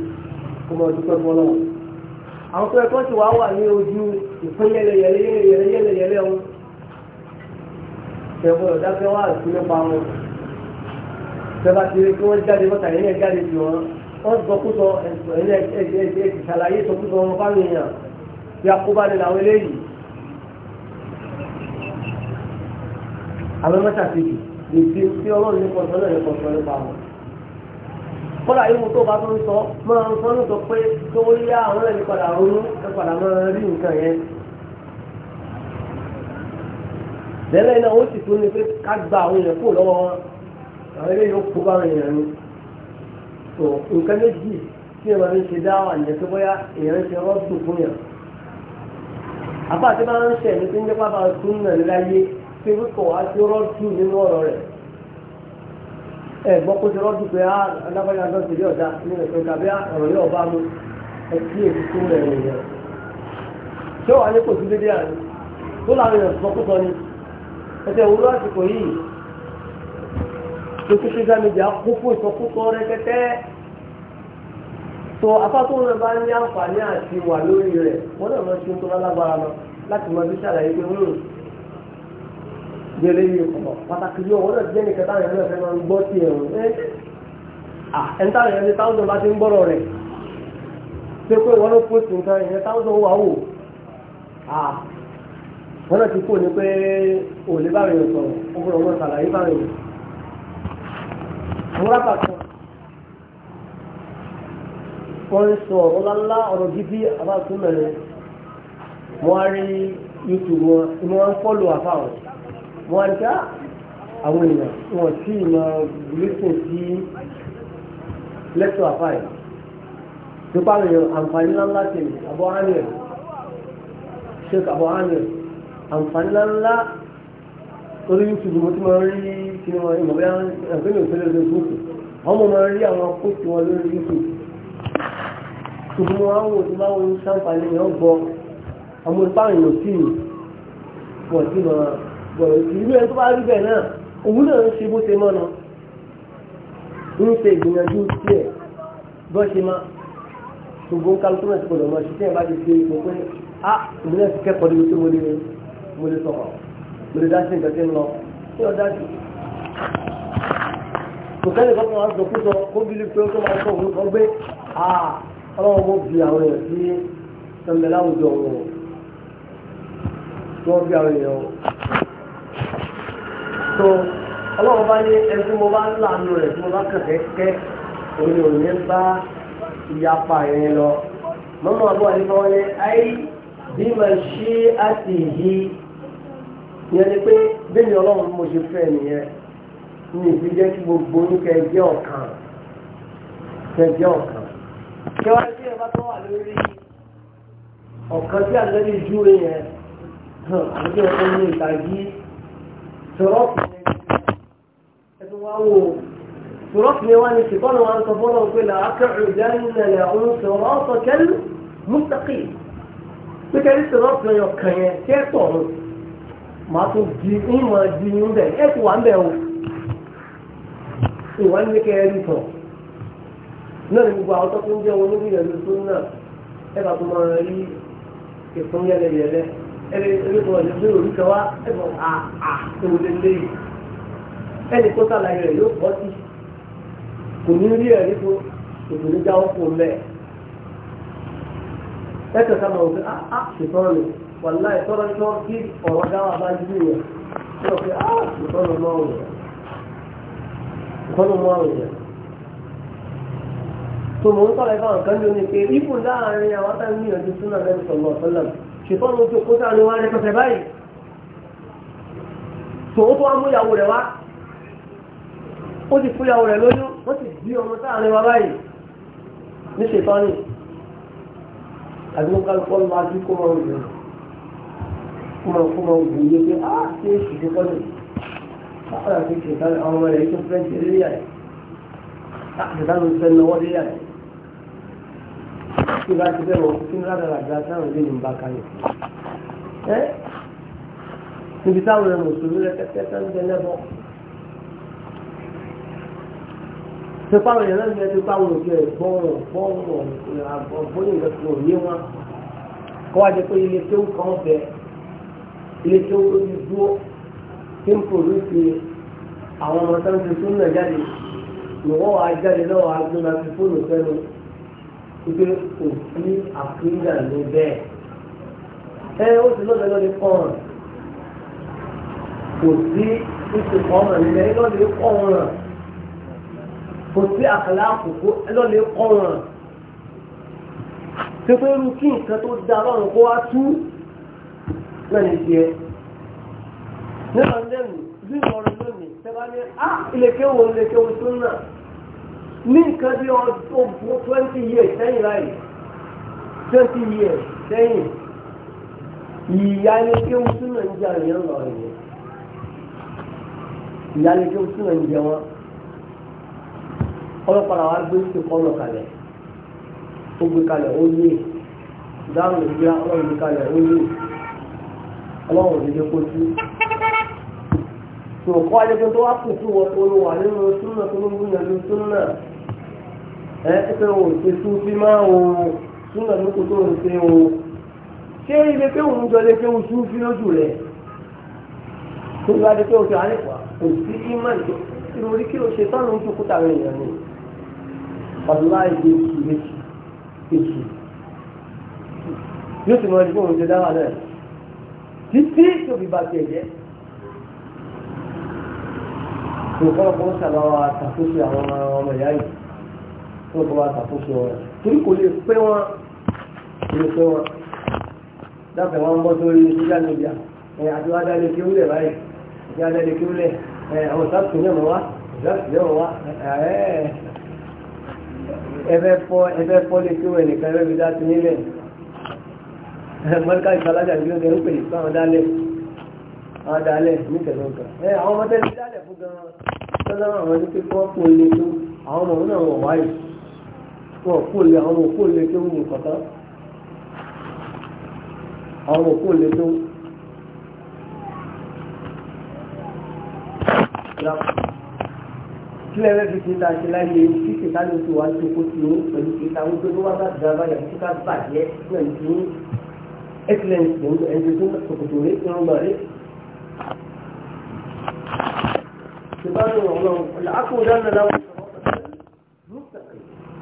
S1: kó mọ dúpẹ́ fọlọ́ àwọn tó ẹ̀kọ́ ti wá wà ní ojú ìpín yẹlẹyẹlẹ yẹlẹyẹlẹ yẹlẹ ọ̀hún ṣẹ̀fọ́ ọ̀dá fẹ́ wá àti nípa wọn ìjọba ti rí kí wọ́n jáde mọ́ta ẹ̀yìn ẹ̀ jáde jù wọ́n wọ́n sọ kó sọ ẹ̀yìn ẹ̀ ṣàlàyé sọ kó sọ wọn fáwọn èèyàn bí akóbá ni làwọn eléyìí. àwọn mọ́ta ti dì lè fi tí ọlọ́run ní kọ̀ọ̀tọ̀ náà ní kọ̀ọ̀tọ̀ nípa wọn. kọ́lá yìí mo tó bá tó ń sọ máa ń sọ nítorí pé tó yá àwọn ẹ̀mí padà ronú ẹ̀ padà máa rí nǹkan yẹn. lẹ́lẹ́ náà ó sì tún ní pé ká gba àwọn èèyàn kúrò lọ́wọ́ wọn àwọn eléyìí ó kó bá àwọn èèyàn ni tó nǹkan méjì tí èèyàn máa ń ṣe dáwà ní ẹ̀sọ́ bóyá èèyàn ń ṣe rọ́ọ̀dù fún yàn àbá àti máa ń ṣe ẹ̀mí tó ń jẹ́pá bá tún nà láyé pé wípọ̀ wá sí rọ́ọ̀dù nínú ọ̀rọ̀ rẹ̀ ẹ̀ gbọ́ kó ti rọ́ọ̀dù pé á ah, alábàáyé adọ́sí ilé ọ̀dà nínú ìfẹ́ tàbí ah, ọ̀rọ̀ yóò bá mú ẹ kí èsì tó rẹ̀ nìyẹn ṣé wàá ní kò sí dédé àná tó láwọn èèyàn sọ kó sọ ni ẹsẹ̀ òwúrọ̀ àsìkò yìí lókè social media kún fún ìsọkúsọ rẹpẹtẹ tó afátóhùn náà bá ní àǹfààní àti wà lórí rẹ wọn náà máa ń ṣe tó bá lágbára lọ láti máa fi ṣàlàyé pé wọn hmm, gbélé yìí kọ̀ pàtàkì yóò wọn náà jẹ́ nìkan táwọn ẹ̀rọ ẹ̀fẹ́ máa ń gbọ́ sí ẹ̀rọ ẹni táwọn ẹ̀rọ ẹni táwọn bá ti ń gbọ́rọ̀ rẹ̀ ṣé pé wọn ló post nǹkan ẹ̀rọ táwọn wà wò wọn náà ti kó ni pé òòlé bá rẹ̀ sọ̀rọ̀ ó múra kàtún wọ́n ń sọ ọ̀rọ̀ lálá ọ̀rọ̀ gidi abáàtúmẹ̀rẹ̀ wọ́n á rí youtube wọn ni wọ́n ń fọ́lù àfáwọn wọ́n á rí ká ah, àwọn èèyàn wọn tí ìmọ̀ lẹ́sìn sí lẹ́tọ̀ àfáì nípa èèyàn àǹfààní ńláńlá tèmi àbọ̀ ánìyàn sheik àbọ̀ ánìyàn àǹfààní ńláńlá torí youtube mo ti máa rí kíni wọn ìmọ̀ bẹ́ẹ̀ ẹgbẹ́ mi ò fẹ́ lórí facebook àwọn ọmọ máa rí àwọn post wọn lórí youtube ṣùgbọ́n wọn á wò tí báwo ń ṣàǹfààní yẹn gbọ́ àwọn ipá ìlò sí i pọ̀ sí ma gbọ̀rọ̀ sí inú ẹni tó bá rí bẹ́ẹ̀ náà òun náà ń ṣe bó ṣe mọ́nu ń ṣe ìgbìyànjú tiẹ̀ bọ́ ṣe má ṣùgbọ́n kálukú náà ti gbọdọ̀ mọ́ ah, ṣiṣẹ́ lórí dá sí nǹkan tí ń lọ tí ó dá sí. kò kẹ́lẹ̀ kan máa ń sọ kó sọ kó bí lè pé ó tó máa ń sọ òun kan gbé ọlọ́run mo bi àwọn èèyàn sí ẹ̀mẹ́ láwùjọ wọn tí wọ́n bí àwọn èèyàn wọn. tó ọlọ́run bá ní ẹni tí mo bá ń lànà rẹ̀ tí mo bá kàn kẹ́kẹ́ òun ni òun yẹn bá ìyapa yẹn lọ. mọ́mọ́ àbúrò àyíká ayé bí mo ṣe àti yìí ìyẹn ni pé bẹ́ẹ̀ ni ọlọ́run mo ṣe fẹ́ nìyẹn ní ìfi jẹ́ kí gbogbo oníkẹ́ jẹ́ ọ̀kan kẹ́ jẹ́ ọ̀kan. kí wọ́n ti ẹ̀ bá tó wà lórí ọ̀kan tí àgbẹ̀lẹ̀ ju rẹ̀ yẹn àti ọ̀kan ní ìtàgé sọ̀rọ̀pù yẹn ẹ̀sùn wa wò sọ̀rọ̀pù yẹn wá ní ṣùgbọ́n wa sọ fọ́nà pé làákàrù ìdánilẹ̀ ọ̀hún sọ̀rọ̀ ọ̀sọ̀ kẹ́lú mustaqim màá tún di ìmọ̀ di yín bẹ̀ ẹ ti wà ń bẹ̀ o ìwà ní kẹ́ ẹ rí sọ náà ní gbogbo àwọn tó ń jẹ́ olórí ìyẹn lóṣù náà ẹ bá tún máa rí ìpín yẹlẹyẹlẹ ẹ lè rí sọ ọ̀dẹ̀ bí orí kan wá ẹ bọ̀ à à ewu lè lé yìí ẹnì kó sàlàyé rẹ̀ yóò bọ́ sí kò ní rí ẹ̀rí tó ètò ìjà ọkùnrin lẹ̀ ẹ tẹ̀sán máa wọ pé à à ṣètọ́ rẹ̀ wàlá ìtọ́rọ̀ ìtọ́ kí ọ̀rọ̀ dáwà bá jú rẹ̀ tí ó fi ah, ìtọ́nà márùn rẹ̀ tó mọ̀ ń tọ́lá ìfà nǹkan jò ní pé ipò láàrin àwọn táwọn ìyànjú súnà lẹ́nu sọ̀lọ̀ sọ́lọ̀ ṣùgbọ́n mo tó kó sáà ní wọ́n rẹ̀ pẹ̀sẹ̀ báyìí tó ó tó wá mú ìyàwó rẹ̀ wá ó ti fún ìyàwó rẹ̀ lóyún wọ́n sì bí ọmọ sáà ní wa báyìí ní ṣètọ́ni àdúgbò kálukọ́ lọ́wọ́ ajú kúmọ kúmọ wù yé pé á ṣe é ṣìṣe kọ́ ni báwọn àti ṣètàn àwọn ọmọ rẹ̀ tó fẹ́ ṣe lórí àyè ṣètàn ló fẹ́ lọ́wọ́ lórí àyè tí ìbá ti bẹ́ẹ̀ wọ̀ kí ní ládàlá gba táwọn ilé yìí ń bá kalẹ̀ ẹ́ níbi táwọn ẹ̀rọ mùsùlùmí rẹpẹtẹ tó ń tẹ́lẹ̀ bọ́ tó fáwọn èèyàn náà ń bẹ tó fáwọn òkè bọ́ọ̀rọ̀ bọ́ọ̀rọ̀ àbọ̀bọ́yìn nǹkan tó yé wọn kọ́wájẹ pé ilé tó ń kàn bẹ́ẹ̀ ilé tó ń dúró tí ń pò ní ti àwọn ọmọ tó ń fi tó ń nà jáde lọ́wọ́ wa jáde lọ́wọ́ agbóná fi fóònù fẹ́nu wípé kò sí àfíńgà ló bẹ́ẹ̀. ẹ ó sì lọ́dọ̀ lọ́dẹ kọ́ọ̀rọ̀ kò sí oṣù kọ́ọ̀rọ̀ nílẹ̀ lọ́dẹ kọ́ọ̀rọ̀ kò sí àkàlà àkókò lọ́dẹ kọ́ọ̀rọ̀. pé pé irú kí nǹkan tó da lọ́rùn kó wá tú náà ní tiẹ̀ nínú ọ̀dẹ́nu bí ìmọ̀ràn ah, lónìí tẹ́lá ní á ilékéwò ilékéwò tó náà ní nǹkan bí ọdún twenty years sẹ́yìn láyìí twenty years sẹ́yìn ìyá ilékéwò tó náà ń jẹ àyàn lọ rẹ̀ ìyá ilékéwò tó náà ń jẹ wọn ọlọ́pàá wa gbé ìkọlọ̀ kalẹ̀ ó gbé kalẹ̀ ó lé dáhùn ìgbéra ọlọ́run gbé kalẹ̀ ó lé ọlọ́run òdìdí kó tú tó kọ́ ajẹ́gbẹ́ tó wá kù sí wọ́n tó ló nínú súnà tó ló ń gbìyànjú súnà ẹ ẹ pé òun ṣe tún fi máa ń súnà ló kó tó ń ṣe o ṣé ilé pé òun jọ lé pé òun tún fi lójú rẹ̀ tó bá dé pé òun ṣe àlẹ́ kò sí imán tó irun orí kí ló ṣe tán ló ń jókòó tàwọn èèyàn ni ọ̀dùnlá ìdí ìrètí ètò yóò sì mọ ẹni pé òun ṣe dáwà náà títí tó fi bá tiẹ̀ jẹ́ tó fọ́lọ́pọ̀ ṣàlọ́wọ́ àtàkóso àwọn ọmọ ìyá yìí tó fọ́lọ́pọ̀ àtàkóso ọ̀rẹ́ torí kò lè pẹ́ wọn kò lè pẹ́ wọn dáfẹ́ wọn bọ́ sórí social media ẹ̀ àti wá dálé kí ó lẹ̀ báyìí àti wá dálé kí ó lẹ̀ ẹ̀ àwọn sáàtù náà wá sáàtù náà wá ẹ̀ẹ́ ẹ̀fẹ́ fọ́ ẹ̀fẹ́ fọ́ lè kí ó ẹnìkan rẹ̀ fi dá sí nílẹ̀ mọ́ríkà ìgbàlájà ní ọjọ́ ń pè é fún àwọn dálẹ̀ àwọn dálẹ̀ ní kẹlọ́ǹkà ẹ àwọn ọmọ tẹ́lẹ̀ dálẹ̀ fún gan-an tọ́lá àwọn ní pípọ́ kó lè tó àwọn ọmọ náà wọ̀ wáyé wọn kó lè àwọn ọmọ kó lè tó ní kọ̀tọ́ àwọn ọmọ kó lè tó. kílẹ̀ rẹ̀ fi kíta ṣe láyé tí kìtà ló ti wá tó kó ti ó pẹ̀lú kìtà wípé ló wá bá dábàá yàtúkà bàjẹ́ pẹ̀lú excellence nínú ẹni tó kòkòtò ní ìrọ̀gbà rẹ̀. Ìbáṣe ọ̀rọ̀ ọ̀làákùnrin dáná láwọn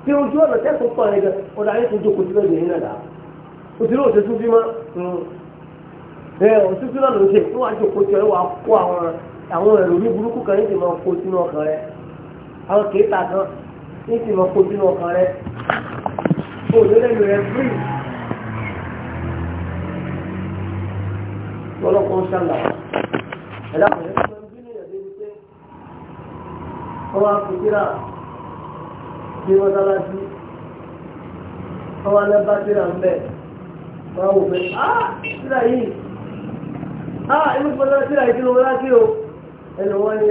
S1: tí ojú ọ̀nà tẹ́kùn pọ̀ ẹ̀gẹ̀ ọ̀dà ayé tó jókòó sílẹ̀ ní ìrìnàdà òtí lóòótọ́ tún bí máa ẹ òtí tún lọ́nà ṣe fún àjòkó tí ọ̀rẹ́ wa kó àwọn àwọn ẹ̀rọ ní burúkú kan ní ti máa kó sínú ọkàn rẹ àwọn kèéta ọlọ́pàá ń ṣàlà ẹ̀dá pẹ̀lú ẹgbẹ́ ń bínú ìyàdé ní pé ọwọ́ àpòkíra bí wọ́n dára sí ọwọ́ alẹ́ bá tíra ń bẹ̀ wọ́n wò pé ah tíra yìí ah inú pẹ̀lú tíra yìí kí ló wọlé kí o ẹnu wọn ni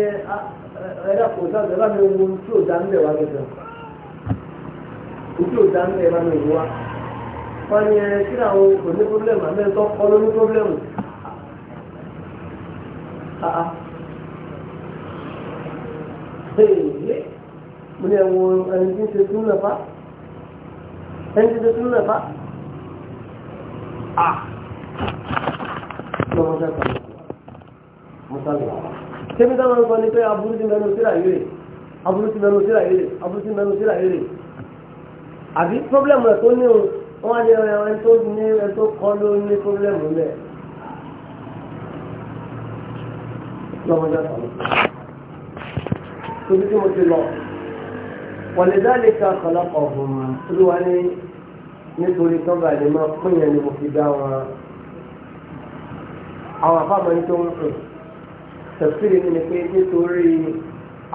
S1: ẹ̀dá kò sáà bẹ́ẹ̀ bá mi wo tí ò dá ń bẹ̀ ni ẹ̀ tíra òun kò ní pọ́blẹ́mù àmẹ́ńtọ́ kọ́ ló ní mo ní ẹ̀wọ̀n ẹni tí ń ṣe tún náà fa ẹni tí ń ṣe tún náà fa à lọ́wọ́ sẹ́kọ̀ọ́ mọ́sálì tẹ́mi táwọn ọkọ̀ ní pé aburú ti mẹ́nu síra yìí rè aburú ti mẹ́nu síra yìí rè aburú ti mẹ́nu síra yìí rè àbí pọ́blẹ́mù rẹ̀ tó ní o wọ́n á ní ẹni tó ní ẹni tó kọ́ ló ní pọ́blẹ́mù rẹ̀. lọ́mọdé àtàwọn tóbi tí mo ti lọ wọ̀lẹ̀dáàlẹ̀ ká kọlọ́kọ̀ ọ̀hún olúwa ní nítorí tọ́ba lè máa pín yẹn ni mo fi dá wọn àwọn àbámọ́ ní tó ń hùn tẹ̀síìrì ni pé nítorí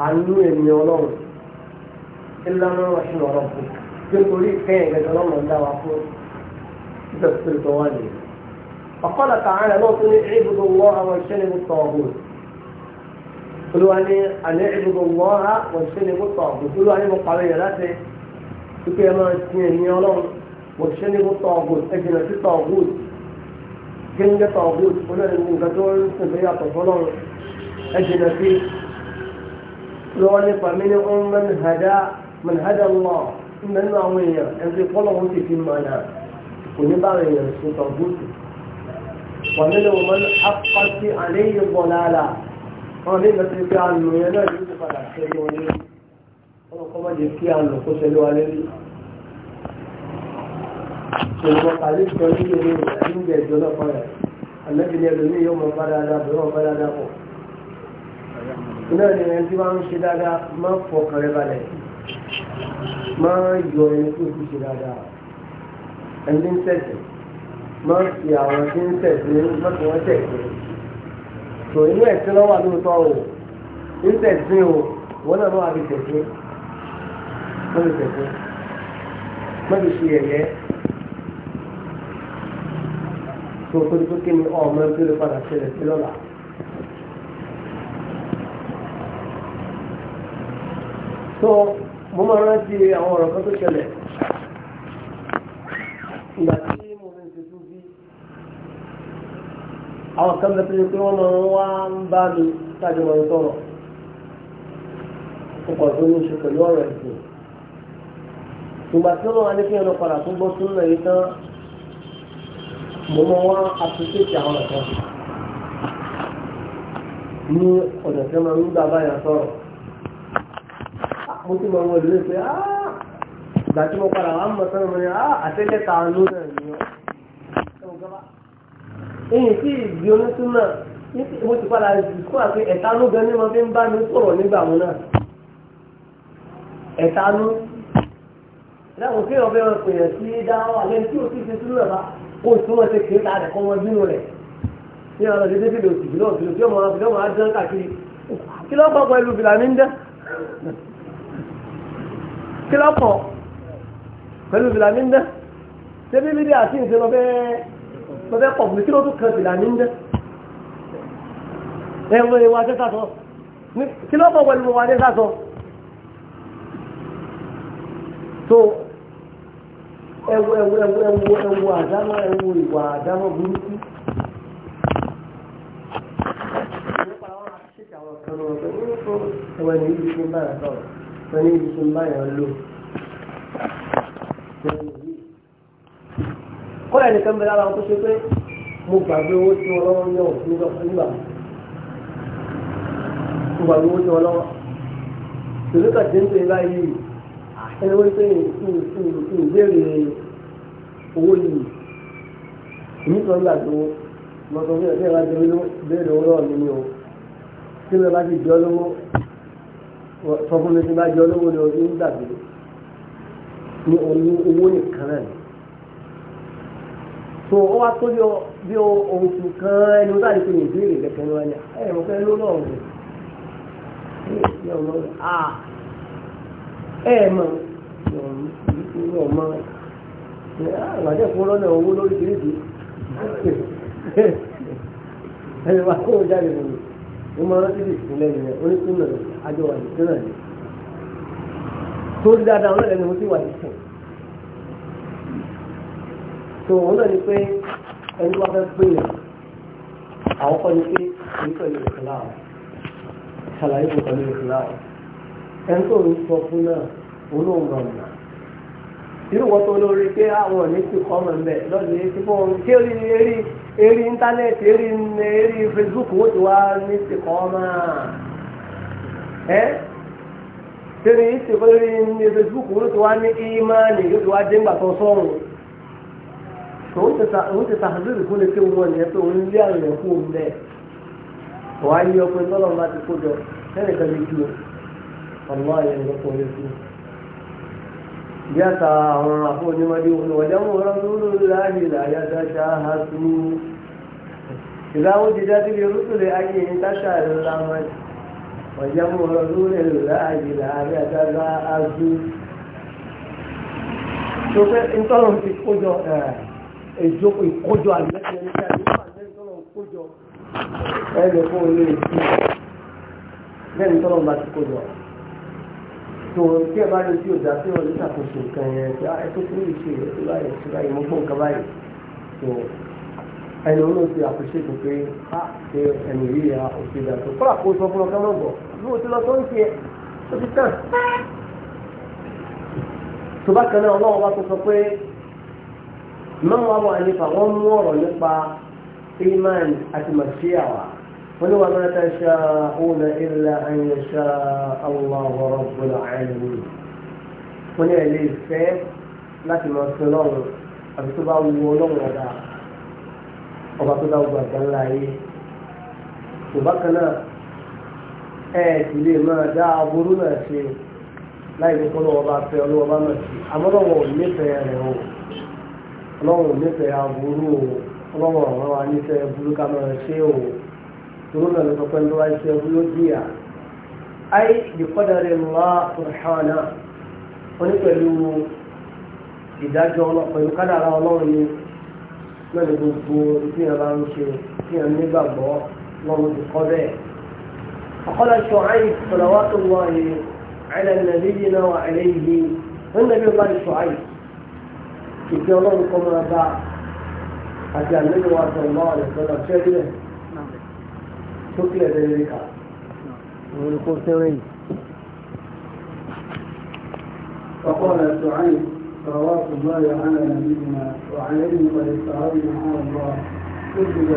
S1: àánú ẹ̀mí ọlọ́run ìlànà ọ̀ṣun ọ̀rọ̀ fún nítorí ìfẹ́ ìgbẹ́jọ́ ọlọ́run dá wa fún tẹ̀síìrì tó wà nìyẹn. ọ̀pọ̀lọpọ̀ àwọn ẹ̀rọ tó ní ìbùdó wọ́ àwọn ìṣẹ́ni ní tọ́ọ̀gùn olúwa ní alẹ́ ìbùdó mọ́ra wọ́n ṣe ní kótó ọ̀gùn olúwa ní mo pàrọ̀ yẹn láti wípé ẹ máa ti ẹ̀yìn ọlọ́run wọ́n ṣe ní kótó ọ̀gùn ẹ̀jìnà sí tọ̀gùn gẹ́gẹ́ tọ̀gùn olóòrùn nǹkan tó ń sìn fẹ́ yàtọ̀ fọlọ́run ẹ̀jìnà sí olúwa ní pàmílí ọ̀hún mẹ́nìhàdà lọ nínú àwọn èèyàn ẹ̀sìn fọlọ́run ti fi mọ̀nà kò ní bá èèyàn sùn tọ̀gùn wàmílì ọ̀hún mẹ́nìhàdà àwọn nígbà tí pé àlò yẹn náà yóò padà ṣẹlẹ̀ wọn lórí wọn kọ́ má jẹ́ kí àlò kó ṣẹlẹ̀ wa lórí ṣòwò kàlí sọ nílé ní ìgbà ìjọ náà padà àmẹ́bí ni ẹlòmíì yóò mọ padà dáa bọ̀ yóò padà dáa pọ̀ iná ni ẹni tí wọ́n ń ṣe dáadáa má fọkàn rẹ balẹ̀ má yọ ẹni tó ti ṣe dáadáa ẹni ń tẹ̀sẹ̀ má fi àwọn tí ń tẹ̀sẹ̀ má fi wọ́n tẹ̀sẹ̀ tó inú ẹ̀sìn lọ́wọ́ àlóòótọ́ o ń tẹ̀sìn o wọn náà lọ́wọ́ àbí tẹ̀sìn wọ́n lè tẹ̀sìn wọ́n lè ṣe ẹ̀yẹ tó tó tó kí ni ọmọ tó lè padà ṣẹlẹ̀ sí lọ́la. tó mo máa rántí àwọn ọ̀rọ̀ kan tó ṣẹlẹ̀. àwọn kan bẹ pé pé wọ́n máa ń wá ń bá mi tájọ máa ń sọ̀rọ̀ ó kọ̀ tó ní ṣe pẹ̀lú ọ̀rọ̀ ẹ̀sìn ìgbà tí wọ́n wá ní kí ẹnu padà tó gbọ́ sínú ẹ̀yìn tán mo máa wá àtúnṣe àwọn ọ̀kan ní ọ̀dọ̀ tí wọ́n máa ń gbà báyà sọ̀rọ̀ mo ti mọ̀ wọ́n lè pé ah! ìgbà tí mo padà wá mọ̀ sọ́nà mo ní ah! àtẹ́lẹ́ta ló náà ní ọ́ èyí sì di onítúmọ̀ mo ti padà kó àti ẹ̀tánú gan ni wọ́n fi ń bá mi sọ̀rọ̀ nígbà wọn náà ẹ̀tánú ìdáhùn kí ọ̀bẹ wọn pè é sí dáhùn àlẹ́ tí o ti fi sínú ẹ̀fà kó o túmọ̀ ṣe kéka rẹ̀ kọ́ wọn bínú rẹ̀ ní ọ̀nà dédé fi lè òsì lọ́ọ̀ fìlò tí ọmọ wọn fìlò máa dán káàkiri kí ló bọ̀ pẹ̀lú fìlà ní dán kí ló pọ̀ pẹ̀lú fìlà ní dán ṣé bíbí dé àti ìṣẹ́ lọ bẹ́ẹ̀ lọ́fẹ́ pọ̀ fún kí ló tún kan fìlà ní jẹ́ ẹ̀wọ̀n ìwà tẹ́sà sọ kí ló pọ̀ pẹ̀lú ìwà tẹ́sà sọ so ẹwu àdámọ́ ẹwu ìwà àdámọ́ burúkú ẹwà ní ibi tí ń bá yàn sọ̀rọ̀ ẹni ibi tí ń bá yàn lò kọ́lá nìkan bẹ̀rẹ̀ àwọn tó ṣe pé mo gbàgbé owó tí wọn lọ́wọ́ yẹ òfin lọ́wọ́ nígbà mo gbàgbé owó tí wọn lọ́wọ́ tòlú kà ti ń pè báyìí ẹni wọ́n pè ń béèrè owó yìí èmi tó ń gbàgbé owó mo sọ fún ẹ̀ bẹ́ẹ̀ bá jẹ́ béèrè owó lọ́wọ́ mi ni o tí mo bá ti jẹ́ lówó sọ fún mi tí mo bá jẹ́ lówó ni o ń gbàgbé ní owó nìkan náà so ó wá tó bí oṣù kan ẹni ó dáre pé ní ìbéèrè lẹ́kẹ̀ẹ́ ní wáyé ẹ̀ mo fẹ́ ló lọ́rùn ẹ̀ mọ̀ ìrọ̀ mọ́ àgbàjẹ́ fún lọ́nà owó lórí kìrìtì ẹni wá kó o jáde lónìí ó máa rántí bí ìpínlẹ̀ rẹ̀ oníkùnrin àjọ àdìsínà ni tó dáadáa ọlọ́ọ̀lẹ́ni mo ti wà ní sùn tó wọn náà ni pé ẹni wá fẹ́ pè yàn àwọn ni pé èyí pẹ̀lú ìkìlá ọ̀ ṣàlàyé kò pẹ̀lú ìkìlá ọ̀ ẹni tó ń sọ fún náà òun náà ń rọ̀ nà irú wọn tó lórí pé àwọn òní ti kọ́ ọmọ mbẹ lọ́dún yìí ti fún òun tí eré eré íńtánẹ́ẹ̀tì eré eré Facebook wọ́n ti wá ní ti kọ́ ọmọ ẹ́ tẹ́lẹ̀ yìí ti kọ́ eré Facebook wọ́n ti wá ní ìmánì yóò ti wá dé ńgbà tó sọ̀rùn tó ń ti sàhàdúrì fún lè pé wọn yẹn pé òun lé àrùn yẹn fún òun bẹ́ẹ̀ wọ́n á yí ọkùnrin tọ́lọ̀ máa ti kó jọ sẹ́nì kan lè ju ọmọ àyẹ̀wò lọ́pọ̀ lè fún bí àtà àwọn àfọ onímọ̀dé wọn wọ́n jáwọ́ wọn lórí láàyè láyà dáṣà ha tú ìdáwọ́ ti dájú bí rúkúlẹ̀ ayé ń dáṣà ńlá wọn wọ́n jáwọ́ wọn lórí láàyè láyà dáṣà ha tú tó fẹ́ ń tọ́lọ̀ ti kó jọ ẹ̀ẹ́ ìjókòó ìkójọ àlẹ́sẹ̀
S2: ní àdúgbò àlẹ́sẹ̀ tọ́lọ̀ kójọ ẹ̀rẹ̀
S1: fún ilé ìsìn lẹ́yìn tọ́lọ̀ bá ti kójọ tó tí ẹ bá lè tí òdà sí ọdún ṣàkóso nǹkan yẹn pé ah, ẹ tó fún ìṣe ẹ tó báyìí tó báyìí mo gbọ́ nǹkan báyìí tó ẹni wọn ló ti àkóso tó pé a ah, ṣe ẹni yìí ya òṣèlú ìgbà tó kọ́lá kó sọ fún ọkọ náà bọ̀ bí lọ tó ń ṣe ó ti tàn tó bá kan ọlọ́wọ́ bá tó sọ pé mọ́mọ́ àwọn àlefa wọ́n mú ọ̀rọ̀ nípa iman àti màṣíà wa wọ́n ní wà máa ta ṣá òun ilẹ̀ ayé ṣá Allahu rabbul alamin wọ́n ní ẹ̀lẹ́ ìfẹ́ láti máa fi lọ́rùn àti tó bá wu ọlọ́run ọ̀dà ọba tó dá gbogbo àgbà ńlá yé ṣùgbọ́n kan náà ẹ ti lè máa dá aburú náà ṣe láì ní kó lọ́wọ́ bá fẹ́ ọlọ́wọ́ bá mọ̀ sí àmọ́ lọ́wọ́ ò nífẹ̀ẹ́ rẹ̀ o ọlọ́run nífẹ̀ẹ́ aburú o ọlọ́run ọ̀rọ̀ wa nífẹ̀ẹ́ burú ká máa ṣe o tòun náà ló sọ pé ló wá ṣe burú díà ayé ìkọ́dàrẹ́ ńlá ṣùgbọ́n wọn ní pẹ̀lú ìdájọ́ pẹ̀lú kádàrá ọlọ́run ni náà ní gbogbo tí yẹn bá ń ṣe tí yẹn nígbàgbọ́ lọ́run ti kọ́ bẹ́ẹ̀. أقول شعيب صلوات الله على نبينا وعليه والنبي ìfẹ́ الله kọ́ máa bá àti àlejò wa sọ̀rọ̀ máa rẹ̀ sọ̀rọ̀ ṣẹ́ ilẹ̀ tó kílẹ̀ فقال سعيد صلوات الله على نبينا وعليه قد استعاذ مع الله كتب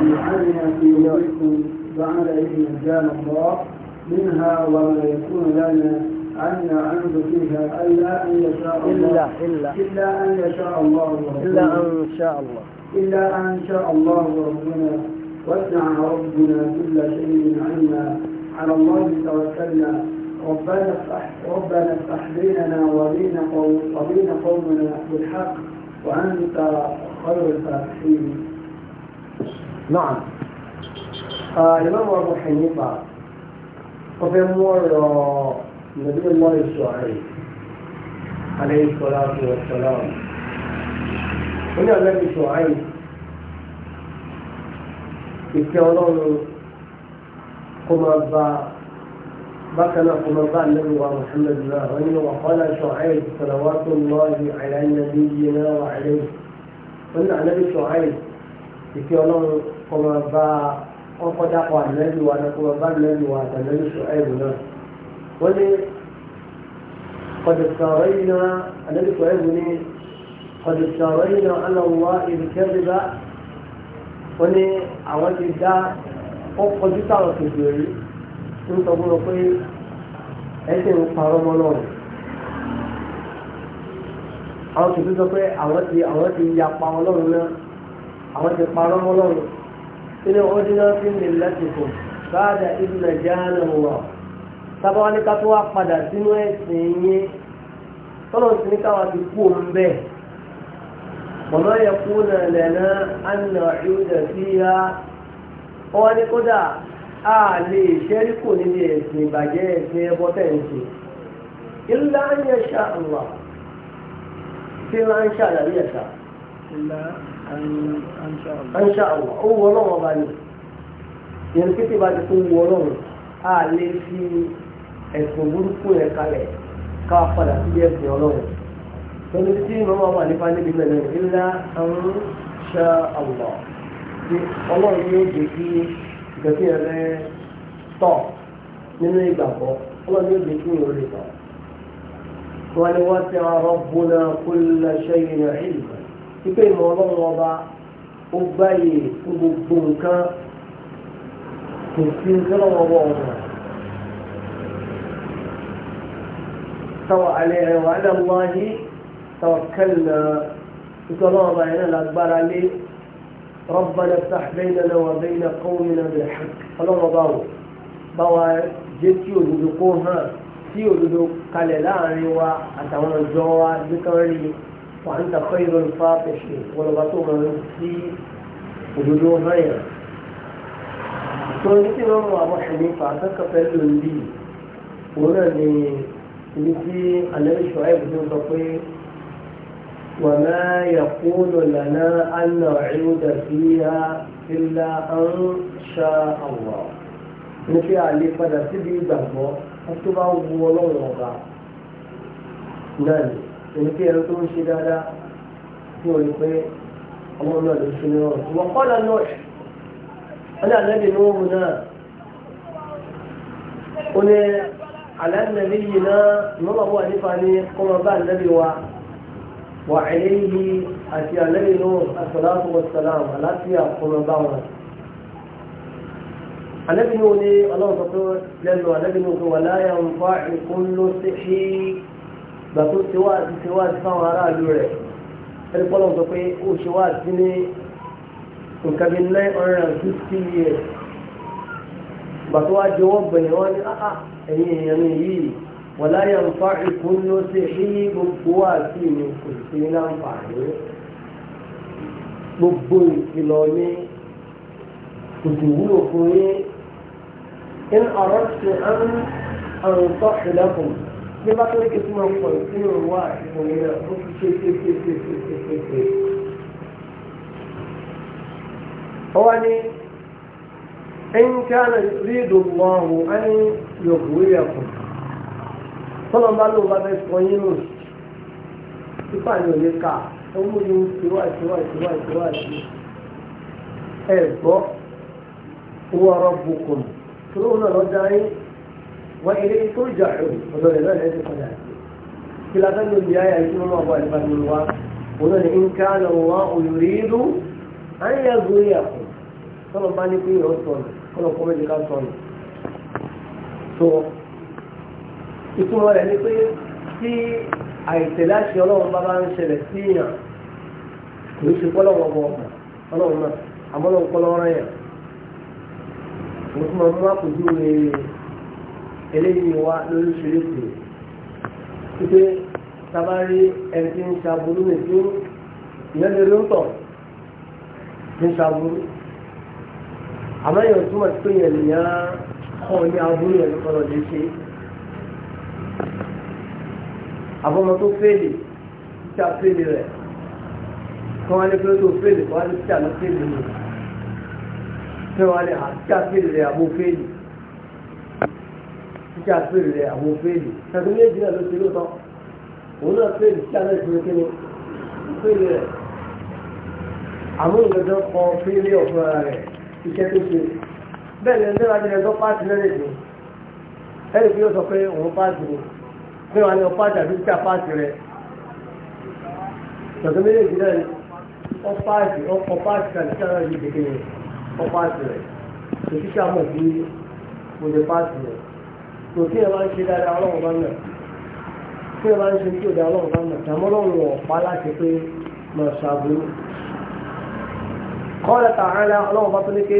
S1: من علم في يومكم بعد إذ الله منها وما يكون لنا أن أمر فيها إلا أن يشاء الله إلا إلا أن يشاء الله إلا أن شاء الله إلا أن شاء الله ربنا وسع ربنا كل شيء عنا على الله توكلنا ربنا افتح ربنا افتح بيننا وبين قوم وبين قومنا بالحق وأنت خير الفاتحين. نعم. الإمام آه، أبو حنيفة وفي أمور نبي الله شعيب عليه الصلاة والسلام هنا النبي شعيب ìfẹ́ ọlọ́run kó máa bá bákan náà kó máa bá ànábì wa muhammed náà wọ́n ní wà kọ́lá ṣọ̀háì sọ̀rọ̀wátò lọ́ọ̀dì àyànnàbí yìí náà wà àlẹ́ wọ́n ní ànábì ṣọ̀háì ìfẹ́ ọlọ́run kó máa bá ọkọ̀ dápọ̀ ànábì wa náà kó máa bá ànábì wa àtànábì ṣọ̀háì náà. ولي قد kọ̀dùsàrẹ́yìnà àdébìkọ̀ ẹ̀bù قد kọ̀dùsàrẹ́yìnà على الله wọ́n ní àwọn ti dá ọkọ̀jú táwọn kejì rí ń sọ fún wọn pé ẹ̀sìn ń parọ́ mọ́ náà àwọn kejì sọ pé àwọn ti àwọn ti yapa ọlọ́run náà àwọn ti parọ́ mọ́ ọlọ́run nínú ọdún náà fi ń lè lẹ́sìn kù báyà ìdúnà jáánà wọ̀ sábà wọn ní ká tó wá padà sínú ẹ̀sìn yín tọ́lọ̀ sí ní káwọn ti kú òun bẹ́ẹ̀ mọ̀mọ́ yẹ kú náà lẹ́nà àná ìwúdà sí ya wọ́n ní kódà a lè ṣẹ́rí kò níbi ẹ̀sìn ìbàjẹ́ ẹ̀sìn ẹbọ tẹ̀sí ilá ń yẹ ṣá àlọ́ tí wọ́n ń ṣá àlàyé yẹ ilá ń ṣá àlọ́ ó wọ ọlọ́run ọba ni yẹn kí tí ìbá ti tó wọ ọlọ́run a lè fi ẹ̀sùn burúkú yẹn kalẹ̀ ká padà sí bí ẹ̀sìn ọlọ́run pẹ̀lú tí màmá wà nípa níbi mẹ́lẹ̀ ńlá àwọn ṣá àwùmọ̀ tí ọlọ́run yóò jẹ́ kí ìgbẹ́sìn yẹn rẹ tọ̀ nínú ìgbàgbọ́ ọlọ́run yóò jẹ́ kí yẹn rẹ tọ̀. wọ́n ní wọ́n ti ọ̀rọ̀ bùnà kúlẹ̀ ṣẹ́yìn rẹ̀ ìlú pípé ìmọ̀ ọlọ́run ọba ó gbáyè fún gbogbo nǹkan kò sí nǹkan lọ́wọ́ ọ̀rọ̀ استوى عليها وعلى الله توكلنا وكلام بيننا الأكبر عليه ربنا افتح بيننا وبين قومنا بالحق اللهم باو باو جيتي ودوكوها تي ودوك قال لا عنوا أتوانا الجوا ذكرني وأنت خير الفاتحين ولغتوما من تي ودوكوها تو نتي مامو أبو حنيفة أتكفل لي ونني ní tí alẹ́rí ṣọ́ẹ́bù tó sọ pé wà máa yà kúrò lànà àná ìrúdà sí ha ilá an ṣá àwọ̀ ní tí a lè padà síbi ìgbàgbọ́ tó bá wu ọlọ́run ọba náà ní ní tí ẹni tó ń ṣe dáadáa tí o rí pé ọmọ náà ló ṣe ní ọrùn wọ́n kọ́ lánàá ọ̀nà àlẹ́ dì ní òun náà ó ní àlànà níyì náà ìmọ̀mọ̀ wà nípa ní kọ́mọ bá ànábì wa wà ẹ̀lẹ́yìí àti ànábì náà àsàlátù wàsàlám àlàáfíà kọ́mọ bá wọn. ànábì náà ní ọlọ́run sọ pé lẹ́nu ànábì náà pé wà láyà ń fa ìkúnlọ́ sí bàtú wá jẹ́ wọ́n bẹ̀rẹ̀ wọ́n ní áá ah, ah, ẹ̀yìn èèyàn yìí wọ́n láyà ń fa ìkún ló ṣe ṣí gbogbo wà sí mi kò sí láǹfààní gbogbo ìkìlọ̀ ní kò sì fún yín in àrọ́ṣe án àrùn tó ṣẹlẹ̀kùn ní bá tó kí túmọ̀ pọ̀ sí ìrùwà ìfòyín náà ó fi ṣe ṣe ṣe ṣe ṣe ṣe ṣe. ọwọ́ ni إن كان يريد الله أن يغويكم صلى الله عليه وسلم ìpàdé òye ká ọmọ yìí ń tiwá ìtiwá ìtiwá ìtiwá ìtiwá ẹ gbọ́ owó ọ̀rọ̀ bùkún tó lóun náà lọ́jà ọlọ́run kọ́ méje ká sọ nù. tó ìtumọ̀ rẹ̀ ni pé tí àìtẹ̀lé àṣẹ ọlọ́run bá bá ń ṣẹlẹ̀ sí èèyàn kò ní ṣe pọ́ lọ́wọ́ ọmọ ọlọ́run náà àmọ́ ọlọ́run kọ́ lọ́rọ́ yẹn. mo tún máa mú àpòjú rẹ̀ eléyìí wá lóríṣiríṣi ẹni tí ń ṣàbùrú nìkan ìyẹn lè rí ń tọ̀ ń ṣàbùrú àmọ́ èèyàn túmọ̀ sí pé èèyàn nìyẹn kọ́ ní aburú yẹn lọ́kọ́ lọ́dẹ ṣe àbọ̀mọ́ tó fèlè títà fèlè rẹ̀ kọ́ wá ní pé tó fèlè kọ́ wá ní títà lọ́ fèlè rẹ̀ kí wọ́n lè títà fèlè rẹ̀ àbò fèlè títà fèlè rẹ̀ àbò fèlè tàbí méjì náà ló ṣe lóòótọ́ òun náà fèlè títà náà ìṣòro kí ni fèlè rẹ̀ àmúlùmọ́jọ́ kọ fèlè ọ̀fọ́ra rẹ̀ iṣẹ́ tó ṣe bẹ́ẹ̀ lẹ́nu tó bá ti páàtì lẹ́rẹ̀ tó ẹ̀rì pé ó sọ pé òun páàtì ni pé wà ní ọ páàtì àbí títà páàtì rẹ̀ tọ̀tọ̀ méjèèjì náà ni ọ páàtì ọkọ̀ páàtì kàlí sára yìí kékeré ọ páàtì rẹ̀ kò sí sàmọ̀ sí òde páàtì rẹ̀ kò sí ẹ̀ máa ń ṣe dáadáa ọlọ́run bá náà tí ẹ̀ máa ń ṣe tí òde ọlọ́run bá náà tàmọ́ ọlọ́run ọ̀pá láti pé máa قال تعالى الله بطنك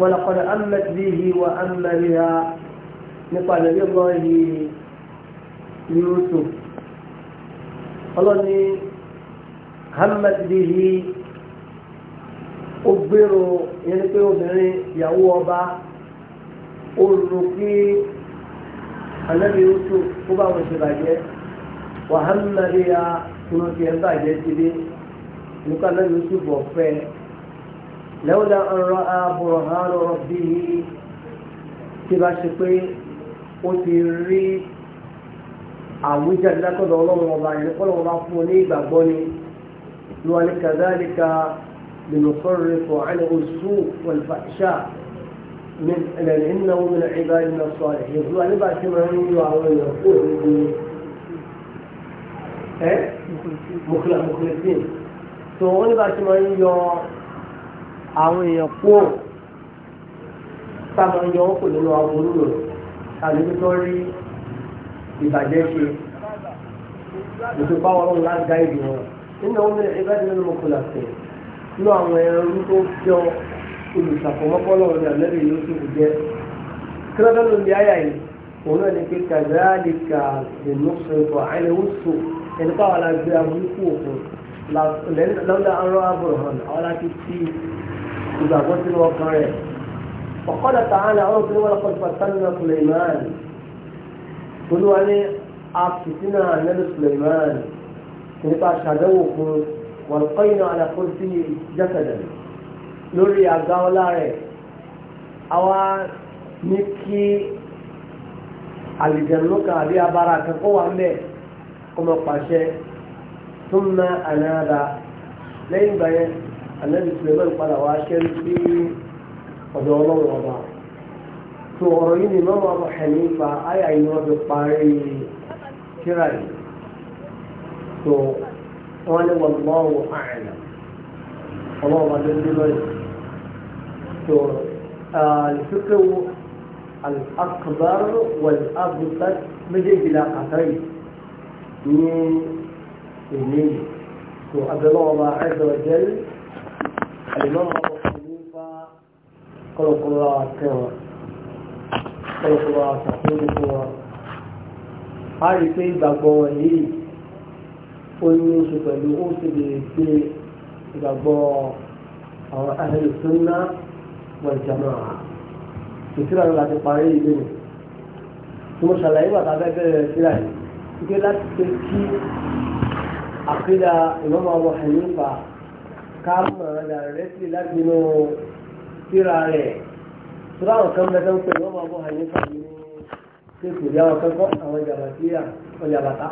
S1: ولقد أمت به وأم بها نقال لله يوسف الله همت به obìnrin yẹn pé obìnrin ìyàwó ọba olùrò kí anabi yusuf kó bá wọn ṣe bàjẹ́ wàhámàdéyà kùnú tiẹ̀ ń bàjẹ́ ti dé nípa náà ló sì bọ̀ fẹ́ lẹ́wọ́dà ń rọ ààbọ̀rọ̀ hàn lọ́rọ̀ bí tí bá ṣe pé ó ti rí àwùjáde látọ̀dọ̀ ọlọ́run ọba yẹn kọ́ lọ́wọ́ bá fún un ní ìgbàgbọ́ ni lọ́wọ́ ní kàdáàlìkà لنصرف عنه السوء والفحشاء من انه من عبادنا الصالحين هو انا بقى كمان يعاون يقول ايه مخلصين tó wọ́n nígbà tí wọ́n ń yọ àwọn èèyàn kúrò sábà ń yọ wọn kò nínú àwọn olúwo àbí tó rí ìbàjẹ́ ṣe ìtòpá wọn ńlá gáìdì wọn nínú àwọn ìbàdàn nínú mọ̀kúlà sí nínú àwọn ẹrú tó jọ olùsàfọmọ́pọ́lọ́ rẹ̀ lẹ́rìí ló ti kù jẹ́ kí lọ́dọ́ ló di àyà yìí òun náà ní pé kàdáàdì kà lè mú sọ̀rọ̀ àìlèwòsàn ẹni káwọn la gbé aburú kú lọ́dọ̀ ọ̀rọ̀ àbùrọ̀hàn àwọn láti fi ìgbàgbọ́ sínú ọkàn rẹ̀. ọ̀kọ́dà tààlà ọ̀rọ̀ tó wọ́n lọ́kọ̀ fàtánà Suleiman olúwa ní àfìsínà nẹ́lú Suleiman nípa ṣàdánwò fún wọn kọ́yìn náà àlàkó sí jẹ́sẹ̀dẹ̀ lórí àga ọlá rẹ̀ àwa ní kí àlìjẹ̀nù àbí abara kan wà ń bẹ̀ kó pàṣẹ ثم أناب لين بين النبي سليمان قال واشر في ودولة وضع تغرين إمام أبو حنيفة أي عين ربي الطاري كراي قال والله أعلم الله أعلم الفكر الأكبر والأبسط مجد إلى من إليه وأدعى الله عز وجل الإمام أبو
S2: حنيفة
S1: قل قل الله كما قل قل الله تقول هو هذه كي بقوة هي وإن شكله سبيل بقوة أو أهل السنة والجماعة كثيرا لا تقارئ منه ثم شلعي وقال بقى كثيرا كثيرا تكي àkídà ìmọ̀mọ̀ ọmọ hànífà ká mọ̀ dàrẹ́tì láti inú síra rẹ̀ tura àwọn kan bẹ́ẹ̀ tó ń pè ìmọ̀mọ̀ ọmọ hànífà ní kéèkì bí àwọn kẹ́kọ̀ọ́ àwọn jàbàtíyà ọjàbàtà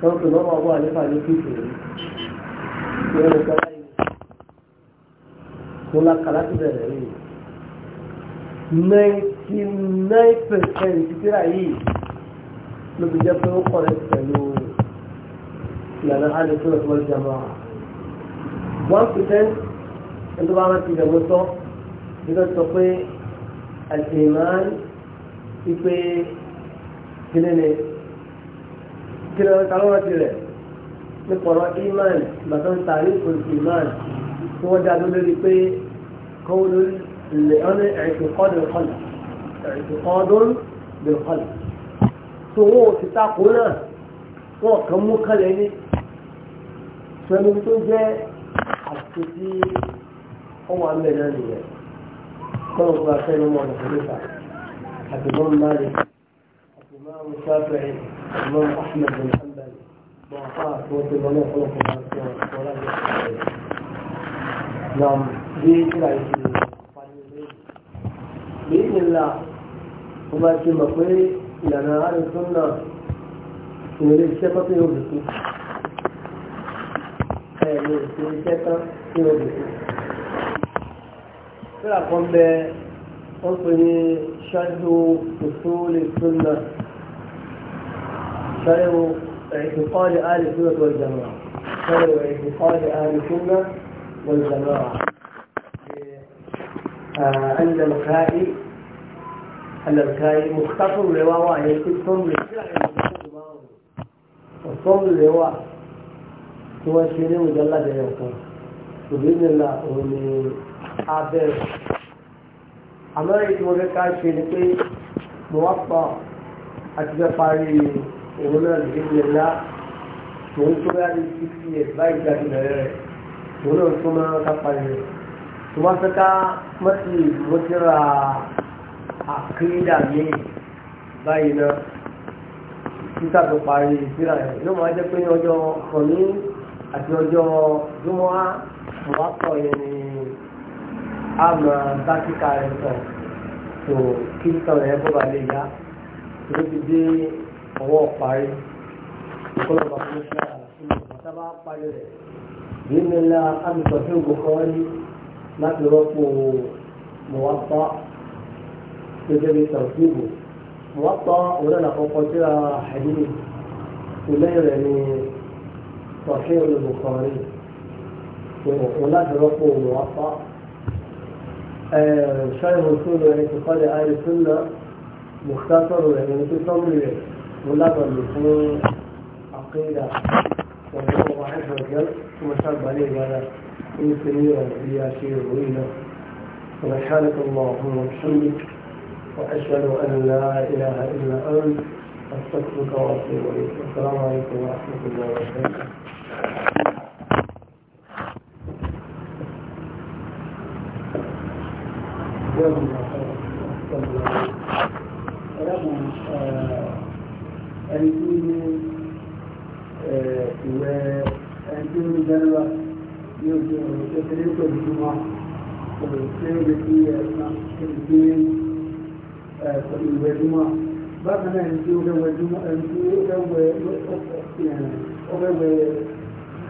S1: tó ń pè ìmọ̀mọ̀ ọmọ hànífà ní kéèkì rẹ̀ ìwé ní sọ́lá yìí tó lákàlá ti bẹ̀rẹ̀ yìí ninety nine percent síra yìí ló fi jẹ́ pé ó kọ̀ لأن أهل السنة والجماعة 1% أنتم بقى عملتوا جابوته بدأت تقوي الإيمان يقوي كلمة كلمة تعلمها كده نقرأ إيمان مثلا تعريف الإيمان هو ده اللي يقوي قول لأن اعتقاد القلب اعتقاد بالقلب سوء تتعقنا سوء كم كلمة pẹ̀lú tó jẹ́ àti tí ó wà ń bẹ̀ náà nìyẹn kọ́ ọ̀gbọ́n afẹ́nu mọ́ ọ̀nà ìfẹ́fà àti mọ́ mari àti mọ́ musafi mọ́ ahmed bin hanbal mọ́ afá àti wọ́n ti lọ́nà ọ̀pọ̀lọpọ̀ bá ń sọ ọ̀pọ̀ láti ọ̀pọ̀ na bí kíra ìṣe ìpàdé lórí bí ìlà ó bá ti mọ̀ pé ìlànà àrùn tó ń nà ìrẹsẹ́ pátó yóò fi ẹ̀mí ìṣe iṣẹ́ tán ní obì. Síra kan bẹ wọ́n pè ní ṣáájú òṣòlè sunna ṣáájú ẹ̀ẹ́dùkọ́lì àlè sunna tó jẹun ṣáájú ẹ̀ẹ́dùkọ́lì àlè sunna tó jẹun. أن الخائي أن الخائي مختصر لواء يكون صمل الصمل لواء tí wọ́n ṣe ní ìjọ ládẹ́yọ̀ kan òbínilà òun ni abẹ́rẹ̀ àmọ́rẹ́ tí wọ́n fẹ́ ká ṣe ni pé mo wá pa àti fẹ́ parí òun náà lè ní ńlá mo ń tó bá ní títí ẹ̀ báyìí jáde bẹ̀rẹ̀ rẹ̀ òun náà tó máa ká parí rẹ̀ tí wọ́n fẹ́ ká mọ́tì mọ́tìrà àkíńdà míì báyìí náà títà tó parí ìsírà rẹ̀ yóò máa jẹ́ pé ọjọ́ kan ní àti ọjọ́ júmọ́ àwápọ̀ yẹn ni a mọ̀ bákíkà rẹ̀ sọ tó kí sọ rẹ̀ bó ba lè yá tó ti dé ọwọ́ parí ìkọlọ́pàá fún ṣe àlàfíà ìpàtàbà parí rẹ̀ bí nílá àmìsọ̀ tí ògùn kan rí láti rọ́pò mọ̀wápá gẹ́gẹ́ bí sàrùkúrò mọ̀wápá òun náà kọ́kọ́ síra àìdílé ìlẹ́yìn rẹ̀ ni صحيح البخاري ولا ترقوا الموقع شرح يعني اعتقاد آية السنه مختصر يعني مثل صبر ملقب باسمه عقيده وهو واحد رجال ومشاب عليه قال ان سمير يا شير ويله سبحانك اللهم وبحمدك واشهد ان لا اله الا انت استغفرك واتوب اليك السلام عليكم ورحمه الله وبركاته ẹni tí ní ìwẹ̀ ẹni tí ní jẹ́nẹ́wà ní oṣù kékeré pẹ̀lú jùmọ́ pẹ̀lú tí ó lè fi ẹ̀sán kékeré tí pẹ̀lú ìwẹ̀ bákan náà ẹni tí ó lẹ́wẹ̀ jùmọ́ ẹni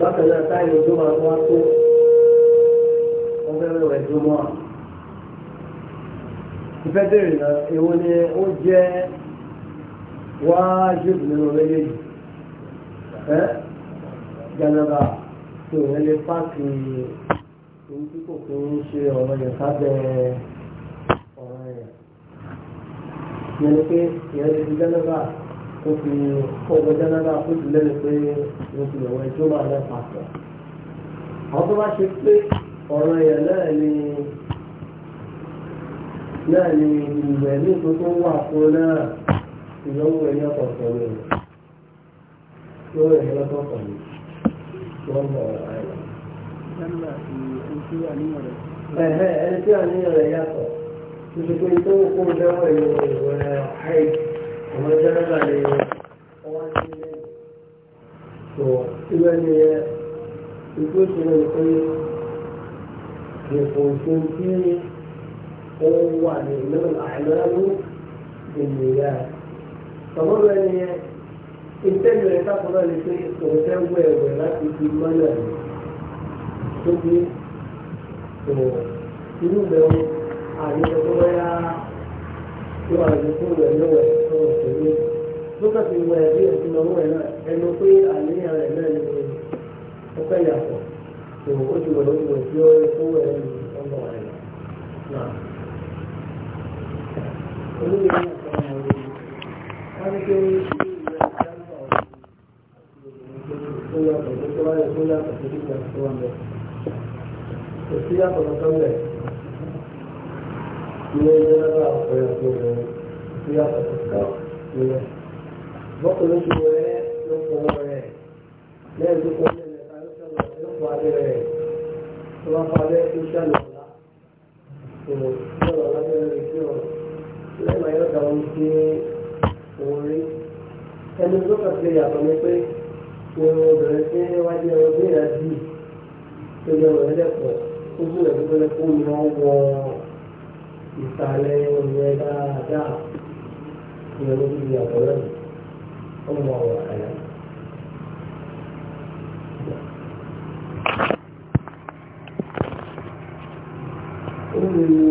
S1: bákan náà táyì ojú máa wá tó wọ́n rẹ̀ dúró mọ́ ìfẹ́ bèrè náà èwo ni ó jẹ́ wájúbù nínú méjèèjì ẹ́ jẹnẹba tó yẹn lè pààkì ohun tí kò kí ń ṣe ọ̀rọ̀ yẹn sábẹ́ ọ̀rọ̀ yẹn yẹn ni pé ìyẹn lè fi jẹnẹba ó fi ọgbọ́n jẹ́nẹ́rà ó sì lẹ́nu pé mo ti lọ́wọ́ ẹjọ́ máa lẹ́ pàtó. àwọn tó bá ṣe pé ọ̀rọ̀ èèyàn náà ni náà ni ìwẹ̀ ní ìtò tó wà fún náà ìyọ́wọ́ ẹ̀yẹ ọ̀tọ̀ọ̀tọ̀ rẹ̀ lọ́wọ́ ẹ̀yẹ ọ̀tọ̀ọ̀tọ̀ rẹ̀ wọ́n mọ̀ àìlọ́. ẹ̀hẹ́ ẹni tí àníyàn rẹ̀ yàtọ̀ tuntun pé tó kó lẹ́wọ̀ ẹ̀yẹ ìwẹ̀ àìsí àwọn jẹ́nẹ́bà ni ọwọ́ sí ilé tó ìwé ni ikú ìṣẹ̀lẹ̀ nìkan ìpò òfin tí ó wà ní ìlú àìlọ́lú ìlúyà rẹ̀ ni ìtẹ́lẹ̀ rẹ̀ sáfọ́ náà ni pé òun fẹ́ wẹ̀ wẹ̀ láti fi mọ́lẹ̀ rẹ̀ tó bí tó inú bẹ̀rù àyẹ̀wò tó wáyà tó àyẹ̀wò tó wẹ̀ lọ́wẹ̀ ọ̀rọ̀ òṣèlú lókè fi wọ ẹbí ẹsùn ọwọ́ ẹ náà ẹnu pé àníyàn rẹ náà ni ọpẹ yàtọ̀ tó o ti wọ ojú òsì ọ̀rẹ́ fún ẹ ní ọmọ rẹ náà. olóyè náà sọ ọmọ rẹ wọn ní kí ó ní ṣe ìwé ìdáńtà ọ̀rọ̀ tó yàtọ̀ tó tó wáyé tó yàtọ̀ tó dìgbà tó wà lọ. kò sí yàtọ̀ kankan bẹ́ẹ̀. ilé ìjọba ọ̀pọ̀ ìyá ọ̀kan nìyẹn bọ́kùnrin ti wọ ẹ ló kọ́ ọ rẹ̀ lẹ́yìn tó kọ́ ọ lẹ́yìn ẹ̀ka ló sọ̀rọ̀ ẹ̀ ló kọ́ abẹ́ rẹ̀ tó bá kọ́ abẹ́ tó sẹ́nu ọ̀la tó sọ̀rọ̀ lábẹ́ rẹ̀ sí ọ̀rọ̀ lẹ́yìn ayọ́ da ohun tí òun rí ẹni tó kà sí yàtọ̀ ni pé òun obìnrin tí wájú ẹran bí ìyá dì tó yẹ ọ̀rẹ́ lẹ́pọ̀ ó sì rẹ̀ tó fẹ́lẹ́ kó ìran wọ ìsàlẹ̀ òun yẹn dáadáa ìyẹn ló fi yàtọ̀ lẹ́nu ọmọ ọ̀rọ̀ àyà.
S2: Thank you.